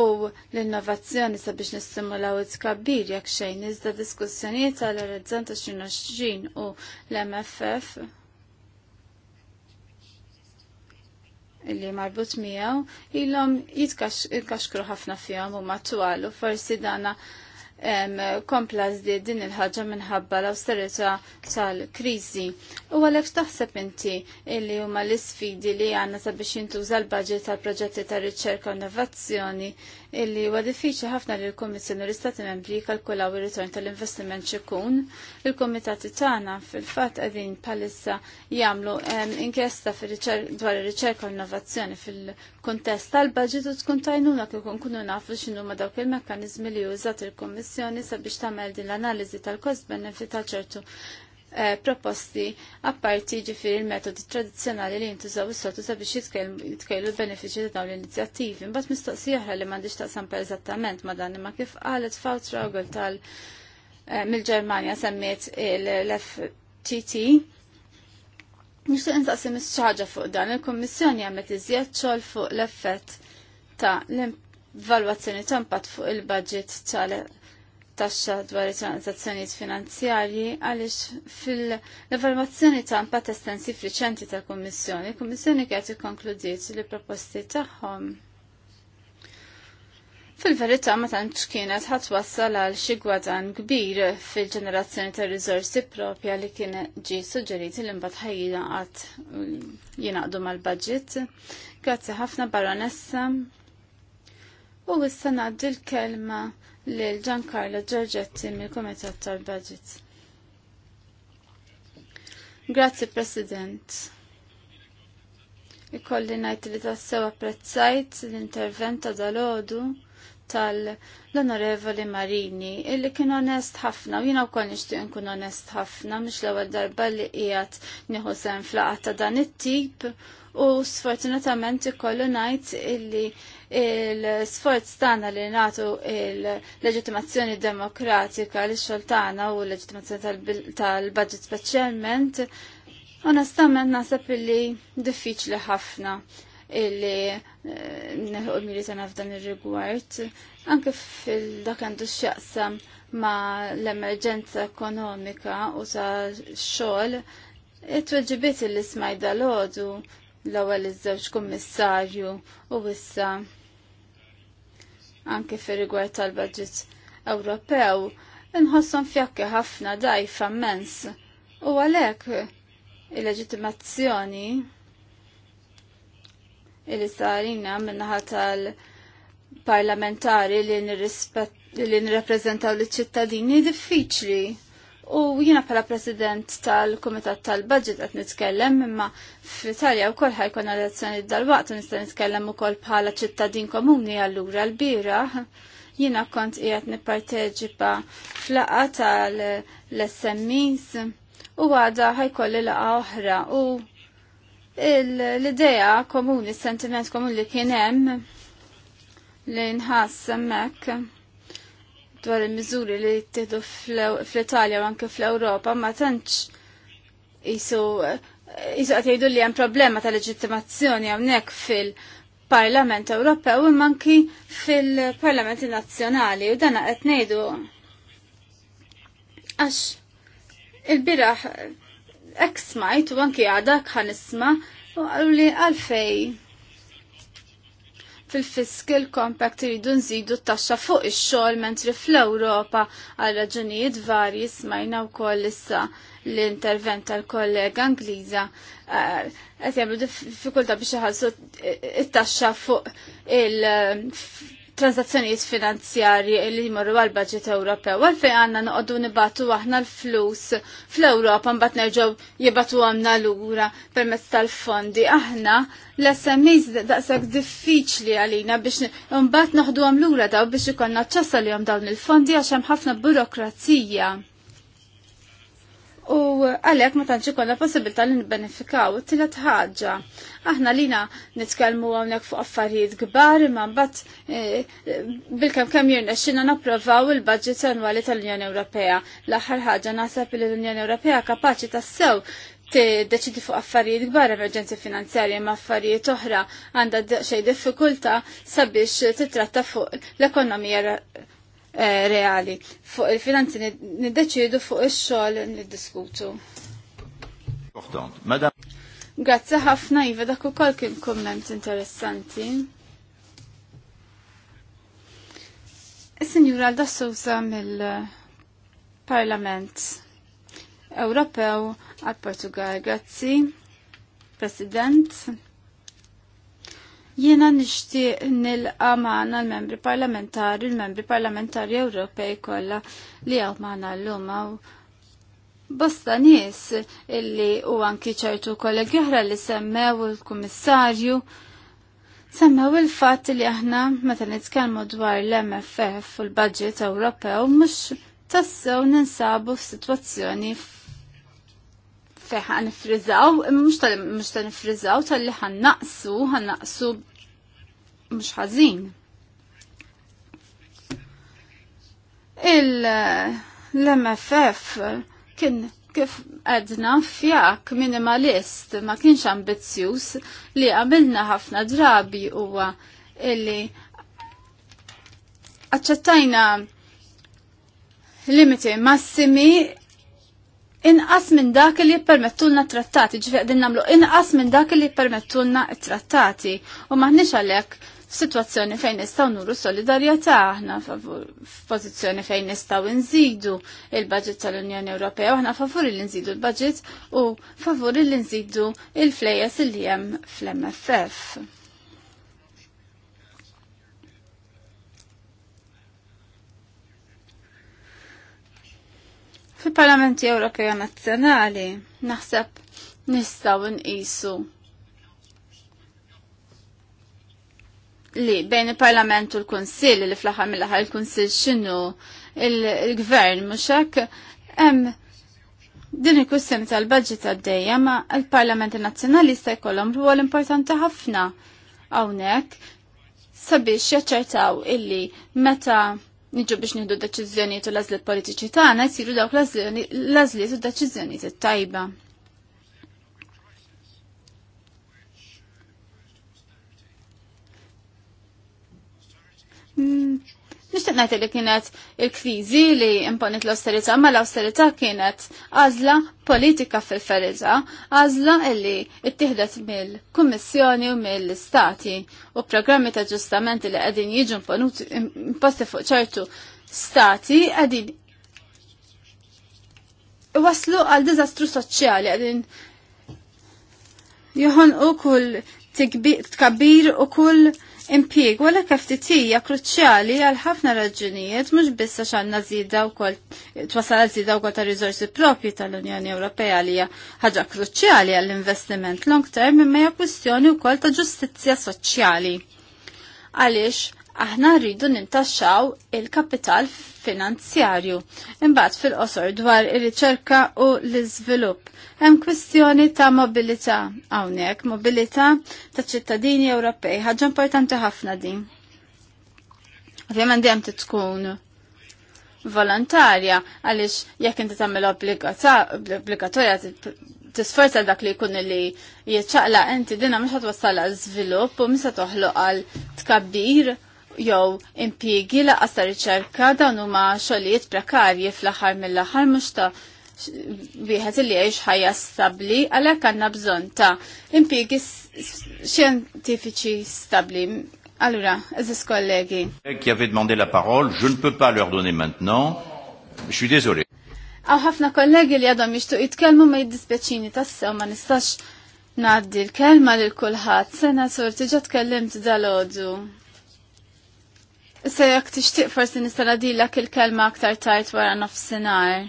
u l-innovazzjoni sabiex nistimulaw it-kabbir jekk xejn iżda diskussjonijiet tal orizzont 2020 u l-MFF li marbut miegħu ilhom jitkaxkru ħafna fihom u matwal u forsi dana kompla zdi din il-ħagġa minħabba l-austerita tal-krizi. U għalek taħseb inti illi huma l-sfidi li għanna sabiex jintuża l-budget tal-proġetti ta' riċerka u innovazzjoni illi huwa diffiċli ħafna li l-Kummissjoni u l-Istati Membri jkalkulaw ir-ritorn tal-investiment x'ikun. Il-Kumitati tagħna fil-fatt qegħdin bħalissa jagħmlu inkjesta dwar ir-riċerka u innovazzjoni fil-kuntest tal-budget u tkun tajnuna kif kunu nafu x'inhuma dawk il-mekkaniżmi li użat il-Kummissjoni sabiex tagħmel din l-analiżi tal kost benefit tal ċertu Eh, proposti apparti ġifir il-metodi tradizjonali li jintużaw is-soltu sabiex jitkellu l-benefiċi ta' dawn l-inizjattivi. Mbagħad mistoqsija oħra li m'għandix taqsam per eżattament ma' dan imma kif qalet Fawtraugel tal eh, mill-Ġermanja semmiet l-FTT. Nixtieq intaqsim is-ċaġa fuq dan il-Kummissjoni għamet iżjed xogħol fuq l-effett ta' l-valwazzjoni ta' impatt fuq il-budget tal taxxa dwar it-transazzjonijiet finanzjarji għaliex fil-evalwazzjoni ta' impatt estensiv riċenti tal-Kummissjoni, il-Kummissjoni kienet ikkonkludiet li proposti tagħhom Fil-verità ma tantx kienet ħadd wassal għal xi gwadan kbir fil-ġenerazzjoni ta' riżorsi propja li kien ġi suġġeriti li mbagħad ħajjinaqad jingħaqdu mal-budget. Grazzi ħafna Baronessa. U issa ngħaddi l-kelma lil Giancarlo Giorgetti mill-Kumitat tal-Budget. Grazzi President. Ikolli ngħid li tassew apprezzajt l-intervent ta' dalodu tal-Onorevoli Marini, illi kien onest ħafna, u jina u koll nishtiq nkun onest ħafna, mux l ewwel darba li qiegħed nieħu sem flaqa ta' dan it-tip, u sfortunatament ikollu ngħid illi il-sforz tagħna li nagħtu il-leġitimazzjoni demokratika li xoltana u l-leġitimazzjoni tal-budget speċjalment, onestament nasab li diffiċli ħafna illi eh, neħu l-miri f'dan ir-rigward. Anke fil-dak għandu x'jaqsam ma l-emerġenza ekonomika u ta' xogħol it-tweġibiet il ismajda l-ħodu l-ewwel iż-żewġ kummissarju u wissa anke fir rigward tal-budget Ewropew inħossom fjakki ħafna dajfa immens u għalhekk il-leġitimazzjoni il sarina minnaħa tal-parlamentari li nirrepreżentaw l-ċittadini diffiċli. U jiena pala president tal-Komitat tal-Budget qed nitkellem imma fl-Italja wkoll ħajkun elezzjoni dal-waqt nista' nitkellem ukoll bħala ċittadin komuni allura l-bira. Jiena kont qiegħed fl flaqa tal-SMEs u għada ħajkolli laqa oħra u l-idea komuni, sentiment komuni li kien hemm li nħass hemmhekk dwar il-miżuri li jittieħdu fl-Italja u anke fl-Ewropa ma tantx jisu jisu qed jgħidu li hemm problema ta' leġittimazzjoni hawnhekk fil-Parlament Ewropew imma manki fil-Parlamenti Nazzjonali u dana qed ngħidu għax il-biraħ ek smajt u anki għadak ħanisma u għallu li għalfej fil fiskil Compact iridu nżidu t-taxxa fuq ix-xogħol mentri fl-Ewropa għal raġunijiet varji smajna wkoll issa l-intervent tal-kollega Angliża eh, qed jagħmlu diffikultà biex iħallsu t-taxxa fuq il transazzjonijiet finanzjarji li jmorru għal budget Ewropew. Għalfej għanna noqogħdu nibatu aħna l-flus fl-Ewropa mbagħad nerġgħu jibatu għamna lura permezz tal-fondi. Aħna l-SMEs daqshekk diffiċli għalina biex mbagħad noħdu għam lura daw biex ikollna ċċassa li dawn il-fondi għax hemm ħafna burokrazija u għalek ma tantx kolla possibilità li t Tilet ħaġa, aħna lina nitkellmu hawnhekk fuq affarijiet kbar imma mbagħad eh, bilkemm kemm jirna xina napprovaw il-budget annwali tal-Unjoni Ewropea. L-aħħar ħaġa naħseb li l-Unjoni Ewropea kapaċi tassew t-deċidi fuq affarijiet gbar emerġenzi finanzjarja ma' affarijiet oħra għandha xej diffikulta sabiex titratta fuq l-ekonomija Eh, reali. Fuq il-finanzi niddeċidu fuq ix-xogħol niddiskutu. Grazzi ħafna Iva dak ukoll kien komment interessanti. Is-Sinjura Alda Sousa mill-Parlament Ewropew għal Portugal. Grazzi, President. Jiena nixtieq nilqa' magħna l-membri parlamentari, l-membri parlamentari Ewropej kollha li hawn magħna llum bosta nies illi u anki ċertu kollegi oħra li semmew il-kummissarju semmew il-fatt li aħna meta nitkellmu dwar l-MFF u l-budget Ewropew mhux tassew ninsabu f'sitwazzjoni feħ għan nifrizaw, mux tal nifrizaw tal-li għan naqsu, għan naqsu mux ħazin. Il-MFF kien kif għedna fjak minimalist ma kienx ambizjus li għamilna ħafna drabi huwa illi aċċettajna limiti massimi inqas minn dak li jippermettulna trattati, ġifieq din namlu inqas minn dak li jippermettulna trattati. U maħniex għalhekk situazzjoni fejn nistgħu nuru solidarjetà aħna f'pożizzjoni fejn nistgħu nżidu il-budget tal-Unjoni Ewropea, aħna favur li nżidu l budget u favur li nżidu il flejjes li hemm fl-MFF. fil-Parlamenti Ewropea Nazzjonali naħseb nistgħu nqisu li bejn il-Parlament u l-Kunsill li fl-aħħar mill-aħħar il-Kunsill x'inhu il-Gvern mhux hekk hemm din il-kussjoni tal-budget għaddejja ma l-Parlament Nazzjonali se jkollhom rwol importanti ħafna hawnhekk sabiex jaċċertaw illi meta niġu biex nieħdu deċiżjonijiet u lażliet għażliet politiċi tagħna jsiru dawk lażliet u deċiżjonijiet it-tajba. Mm. Nixtieq ngħid li kienet il-kriżi li imponit l austerita ma l austerita kienet għażla politika fil-ferriża, għażla li ttieħdet mill-Kummissjoni u mill-Istati u programmi ta' ġustamenti li qegħdin jiġu imposti fuq ċertu stati qegħdin waslu għal diżastru soċjali qegħdin joħon u kull tkabbir u kull impieg, wala kaftitija kruċjali għal ħafna raġunijiet, mux bissa xanna zida u kol, twasal zida u kol ta' rizorsi propju tal-Unjoni Ewropea li ħagġa kruċjali għall-investiment long term imma hija kwistjoni u kol ta' ġustizzja soċjali. Għaliex, aħna rridu nintaxxaw il-kapital finanzjarju. Imbagħad fil-qosor dwar ir-riċerka u l-iżvilupp. Hemm kwistjoni ta' mobilità hawnhekk, mobilità ta' ċittadini Ewropej, ħaġa importanti ħafna din. Ovvjament dejjem tkun volontarja għaliex jekk inti tagħmel obbligatorja tisforza dak li jkun li jitċaqla inti dina mhux ħatwassala żvilupp u misa toħloq għal tkabbir jew impjiegi laqas ta' riċerka dawn huma xogħlijiet prekarji fl-aħħar mill-aħħar mhux ta' wieħed li jgħix ħajja stabbli għalhekk għandna bżonn ta' impiegi xjentifiċi stabbli. Allura, eżis kollegi. Qui avait demandé la parole, je ne peux pas leur donner maintenant. Je suis désolé. Aw ħafna kollegi li għadhom jixtu jitkellmu ma jiddispeċini tassew ma nistax Naddi l-kelma lil l-kulħat, sena sorti ġat tkellimt dal odu Issa jekk tixtieq forsi nistala dilak il-kelma aktar tard wara nofsinhar.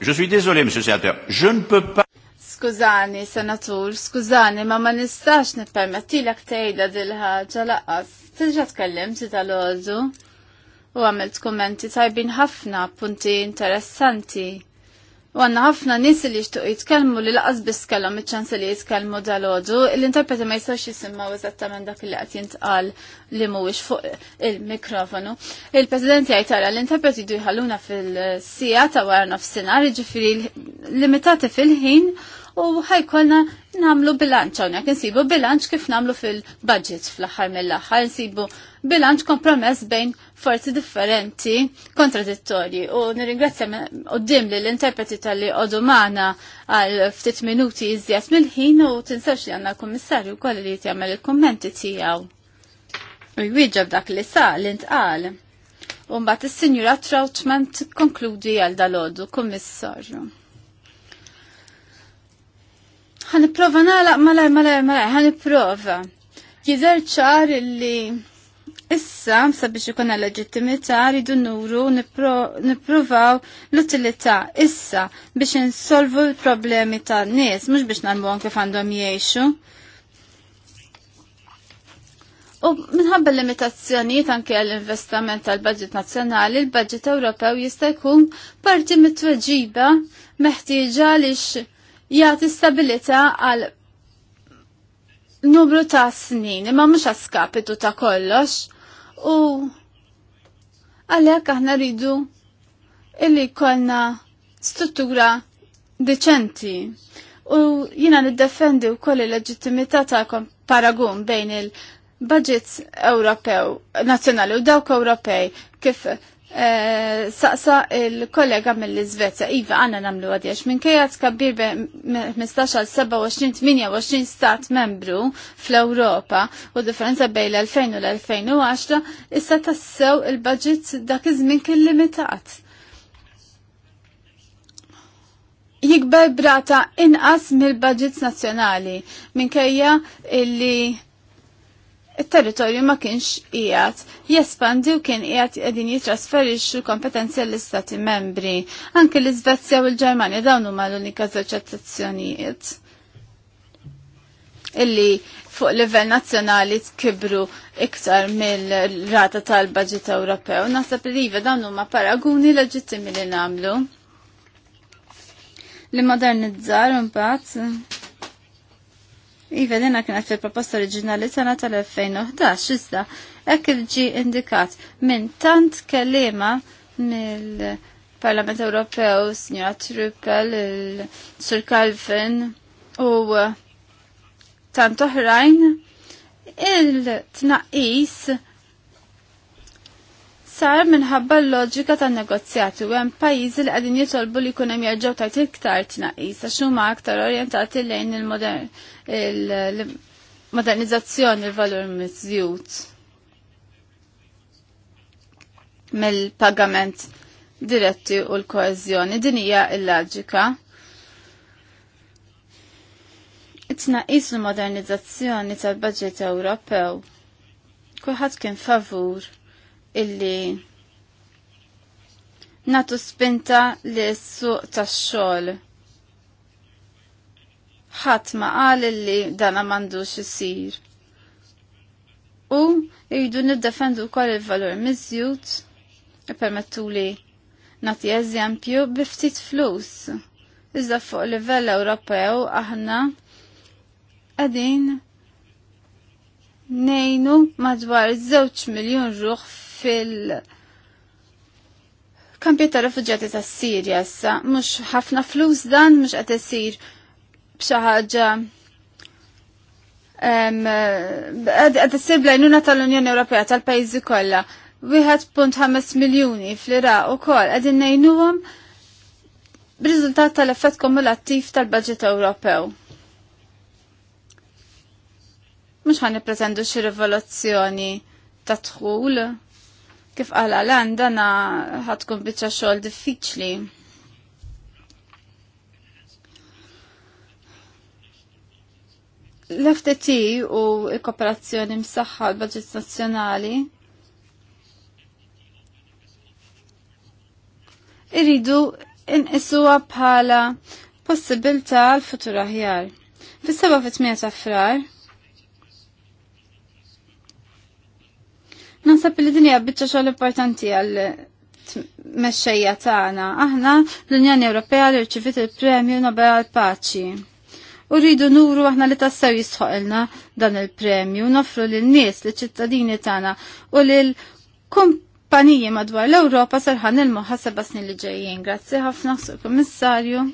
Je suis désolé, monsieur sénateur. Je ne peux pas Skużani, senatur, skużani, ma ma nistax nippermettilek tgħidha dil ħagġa laqas. Tilġa tkellimt tal-għodu u għamilt kummenti tajbin ħafna punti interessanti. U għanna ħafna nis li jishtuq jitkelmu li laqas biskellom iċ-ċans li jitkelmu dal-ħodu, l-interpreti ma jistax jisimmaw eżattament dak li għat jintqal li mhuwiex fuq il-mikrofonu. Il-President jgħid tara l-interpreti jdu jħalluna fil-sija ta' wara nofsinhar, jiġifieri limitati fil-ħin u ħajkolna namlu bilanċ hawnhekk insibu bilanċ kif namlu fil-budget fl-aħħar mill-aħħar insibu bilanċ kompromess bejn forzi differenti kontradittorji u nirringrazzja qoddim li l-interpreti tal-li maħna għal ftit minuti iżjat mill-ħin u tinsawx li għanna kummissarju koll li jtjamel il-kommenti tijaw. U jwieġab dak li sa l-intqal. Umbat il-Sinjura Trautman konkludi għal dal kommissarju. kummissarju prova nalaq malaj malaj malaj prova. Jidher ċar illi Issa, sabiex ikun għal leġittimità, rridu nuru nippruvaw l-utilità issa biex insolvu l-problemi ta' nies, mhux biex nagħmlu kif għandhom jgħixu. U minħabba limitazzjonijiet anke l-investament tal-budget nazzjonali, l budget Ewropew jista' jkun parti mitweġiba meħtieġa lix jagħti stabilità għal numru ta' snin, imma mhux għaskapitu ta' kollox u għalhekk aħna rridu illi jkollna struttura deċenti. U jina niddefendi u koll il-leġittimità ta' paragun bejn il-budgets Ewropew, nazzjonali u dawk Ewropej, kif Eh, saqsa il-kollega mill-Izvezja, Iva għanna namlu għadjax, minn kajja be 15-27-28 stat membru fl-Europa u differenza bej l-2000 u l-2010, issa tassew il-budget dak iż-żmien kien limitat. Jikber brata inqas mill-budgets nazzjonali, minn kajja illi il-territorju ma kienx qiegħed jespandi u kien qiegħed qegħdin jitrasferixxu kompetenzi l-istati membri. Anke l-Iżvezja u l-Ġermanja dawn huma l-unika żewġ illi fuq livell nazzjonali tkibru iktar mill-rata tal-budget Ewropew. Naħseb li iva dawn huma paraguni leġittimi li nagħmlu. Li modernizzar pat. Iva dina kienet fil-proposta oriġinali sana tal-2011, iżda hekk ġi indikat minn tant kelliema mill-Parlament Ewropew, Sinjora Truppel, Sur Calvin u tant oħrajn il-tnaqis sar minħabba l-loġika tan negozjati u hemm pajjiżi li qegħdin jitolbu li jkun hemm jerġgħu tajt iktar tnaqqis għax huma aktar orjentati lejn il-modernizzazzjoni l valur miżjud mill-pagament diretti u l-koezjoni. Din hija l-loġika. It-tnaqqis l-modernizzazzjoni tal-budget Ewropew kulħadd kien favur illi natu spinta li s-suq tax-xogħol. Ħadd ma qal illi dan m'għandux xisir. U jidu niddefendu wkoll il-valur miżjud permettu li nagħti eżempju bi ftit flus. Iżda fuq livell Ewropew aħna qegħdin nejnu madwar 2 miljon ruħ fil- kampi ta' refugġati ta' Sirja issa, mux ħafna flus dan mux għat isir bċaħġa għat sir blajnuna tal-Unjoni Ewropea tal-pajzi kolla. 1.5 miljoni fl ira u kol għadin nejnuwom b'riżultat tal-effett kumulattiv tal-budget Ewropew. Mux ħan pretendu xi rivoluzzjoni ta' tħul Kif għal lan dana ħatkun bieċa xol diffiċli. L-FTT u l-kooperazzjoni msaħħa l-budget nazzjonali irridu inqisuha bħala possibilità l-futur aħjar. Fis-7 fit-8 ta' frar, Nasab li dinja bieċa xogħol importanti għal mexxejja tagħna. Aħna l-Unjoni Ewropea li rċivit il-Premju Nobel Paċi. U rridu nuru aħna li tassew jisħoqilna dan il-premju, nofru l nies li ċittadini tagħna u l kumpaniji madwar l-Ewropa sarħan il-moħħa snin li ġejjin. Grazzi ħafna, Sur komissarju.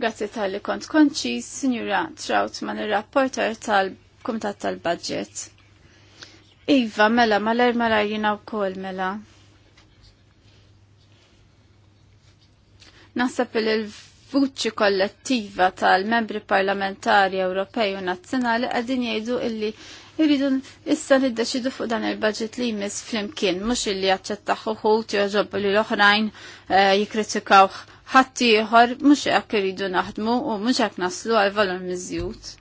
Grazzi tal-li kont konċis, Signora Trautman, ir rapporter tal komitat tal-Budget. Iva, mela, maler mela jina u kol, mela. Nasab il-vuċi kollettiva tal-membri parlamentari Ewropej u nazzjonali għadin jgħidu illi irridu issa niddeċidu fuq dan il-budget li jmiss flimkien, mux illi jaċċettaħu xuħut joġobbu li l-oħrajn eh, jikritikawħ ħatti ieħor mhux hekk iridu naħdmu u mhux hekk naslu għal valur miżjud.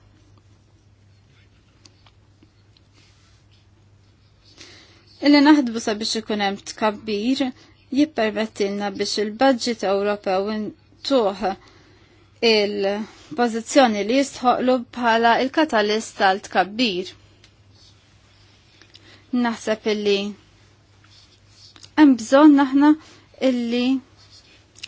illi naħdbu sabiex ikun hemm tkabbir jippermettilna biex il-budget Ewropew intuħ il-pożizzjoni li jistħoqlu bħala il-katalist tal-tkabbir. Naħseb illi hemm bżonn aħna illi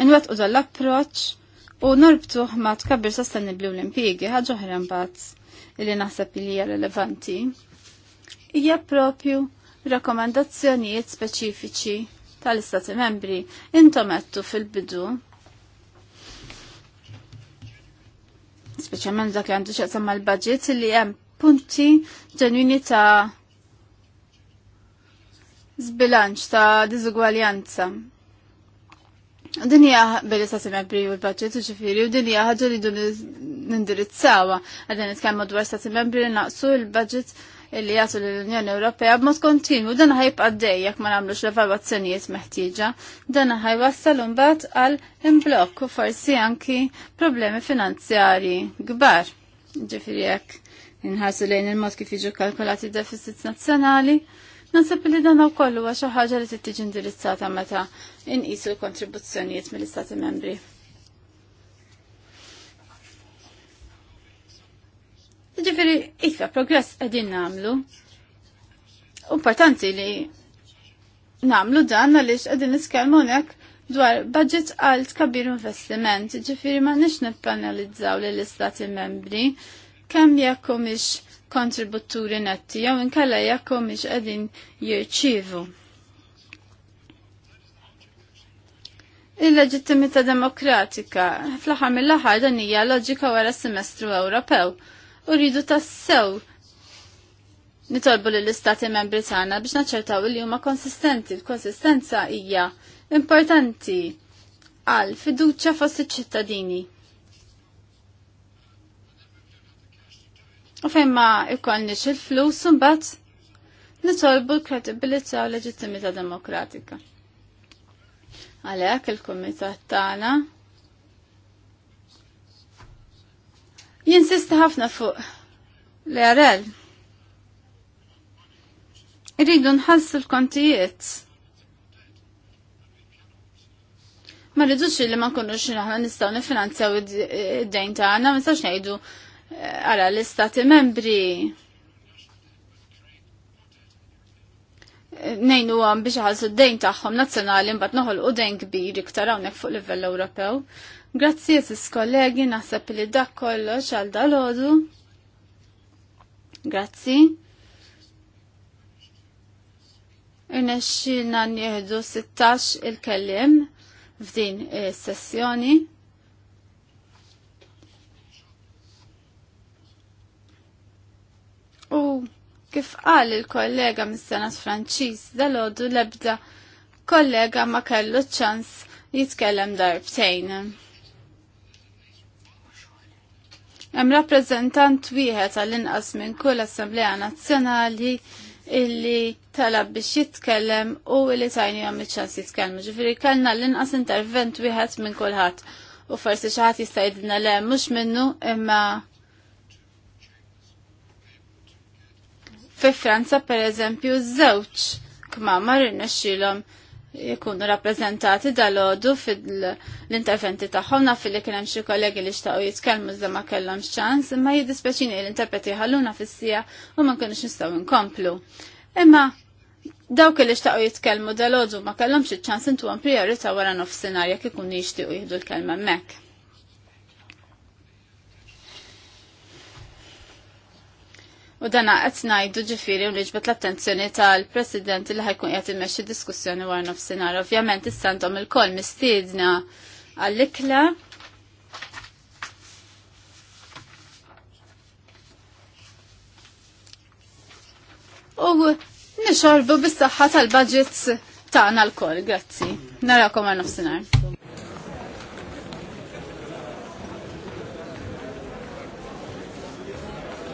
nwettqu dan l-approċċ u norbtuh ma tkabbir sostenibbli u l-impjiegi ħaġa oħra mbagħad illi naħseb li hija relevanti hija propju Rakkomandazzjonijiet speċifiċi tal-Istati membri. Intom għettu fil-bidu speċjalment dak li għandu xaqsam mal-budget li hemm punti ġenwini ta' zbilanċ ta' diżugwaljanza. Din hija billi istati membri u l-budget u ġifieri u din hija ħaġa li dun nindirizzawa għadin nitkellmu dwar sa' membri li naqsu l-budget illi jagħtu l-Unjoni Ewropea b'mod kontinwu dan ħajbqa' dej jekk ma nagħmlux l-evalwazzjonijiet meħtieġa. Dan ħajwassal imbagħad għal imblokk u forsi anki problemi finanzjarji kbar. Ġifieri jekk inħarsu lejn il-mod kif jiġu kalkulati deficits nazzjonali, Nasib li dan kollu huwa xi ħaġa li tittiġi indirizzata meta inqisu l-kontribuzzjonijiet mill-Istati Membri. Ġifiri, iktar progress għedin namlu. Importanti li namlu dan għalix għedin niskelmu dwar budget għal tkabbir investiment. Ġifiri, ma nix nippanalizzaw li l-istati membri kem jakkom ix kontributuri netti jew inkella jakkom ix qegħdin jirċievu. Il-leġittimità demokratika fl-aħħar dan hija loġika wara s-semestru Ewropew u rridu tassew nitolbu lill istati membri tagħna biex naċċertaw li huma konsistenti. L-konsistenza hija importanti għal fiduċja fost iċ-ċittadini. U fejn ma jkollniex il-flus imbagħad nitolbu l-kredibilità u leġittimità demokratika. Għalhekk il-kumitat tagħna Jinsista ħafna fuq l-RL. Irridu nħassu l-kontijiet. Ma rridux li ma nkunux aħna nistgħu nifinanzjaw id-dejn tagħna, ma ngħidu eh, ara l-istati membri. Eh, Nejnu għam biex ħalsu d-dejn tagħhom nazzjonali mbagħad noħolqu dejn kbir iktar hawnhekk fuq livell Ewropew. Grazzi jesis kollegi, naħseb li dak kollox għal dalodu. Grazzi. Irnexxina nieħdu 16 il-kellim f'din is-sessjoni. U kif qal il-kollega mis-Senat Franċiż dalodu l-ebda kollega ma kellu ċans jitkellem darbtejn. Hemm rappreżentant wieħed għall-inqas minn kull Assemblea Nazzjonali illi talab biex jitkellem u illi tajni għam iċċans jitkellmu. Ġifiri, kellna l-inqas intervent wieħed minn kulħadd u forsi xi ħadd jista' jidna le mhux minnu imma fi Franza pereżempju żewġ kmamar irnexxilhom jikunu rappresentati dal-ħodu fil-interventi taħħom naf li kienem xie kollegi li xtaqo jitkelmu zda ma kellom xċans imma jidispeċini l-interpreti ħalluna fil-sija u ma kienux nistaw inkomplu. Imma dawk li xtaqo jitkelmu dal-ħodu ma kellom xie ċans intu għan priorita wara nofsinar jek ikun jishtiqu jihdu l-kelma mek. U dana qed ngħidu ġifieri u liġbet l-attenzjoni tal-President li ħajkun qed immexxi diskussjoni wara nofsinhar. Ovvjament issa għandhom il-koll mistiedna għall-ikla. U nixorbu bis-saħħa tal-budgets tagħna l-koll, grazzi. Narakom għal nofsinhar.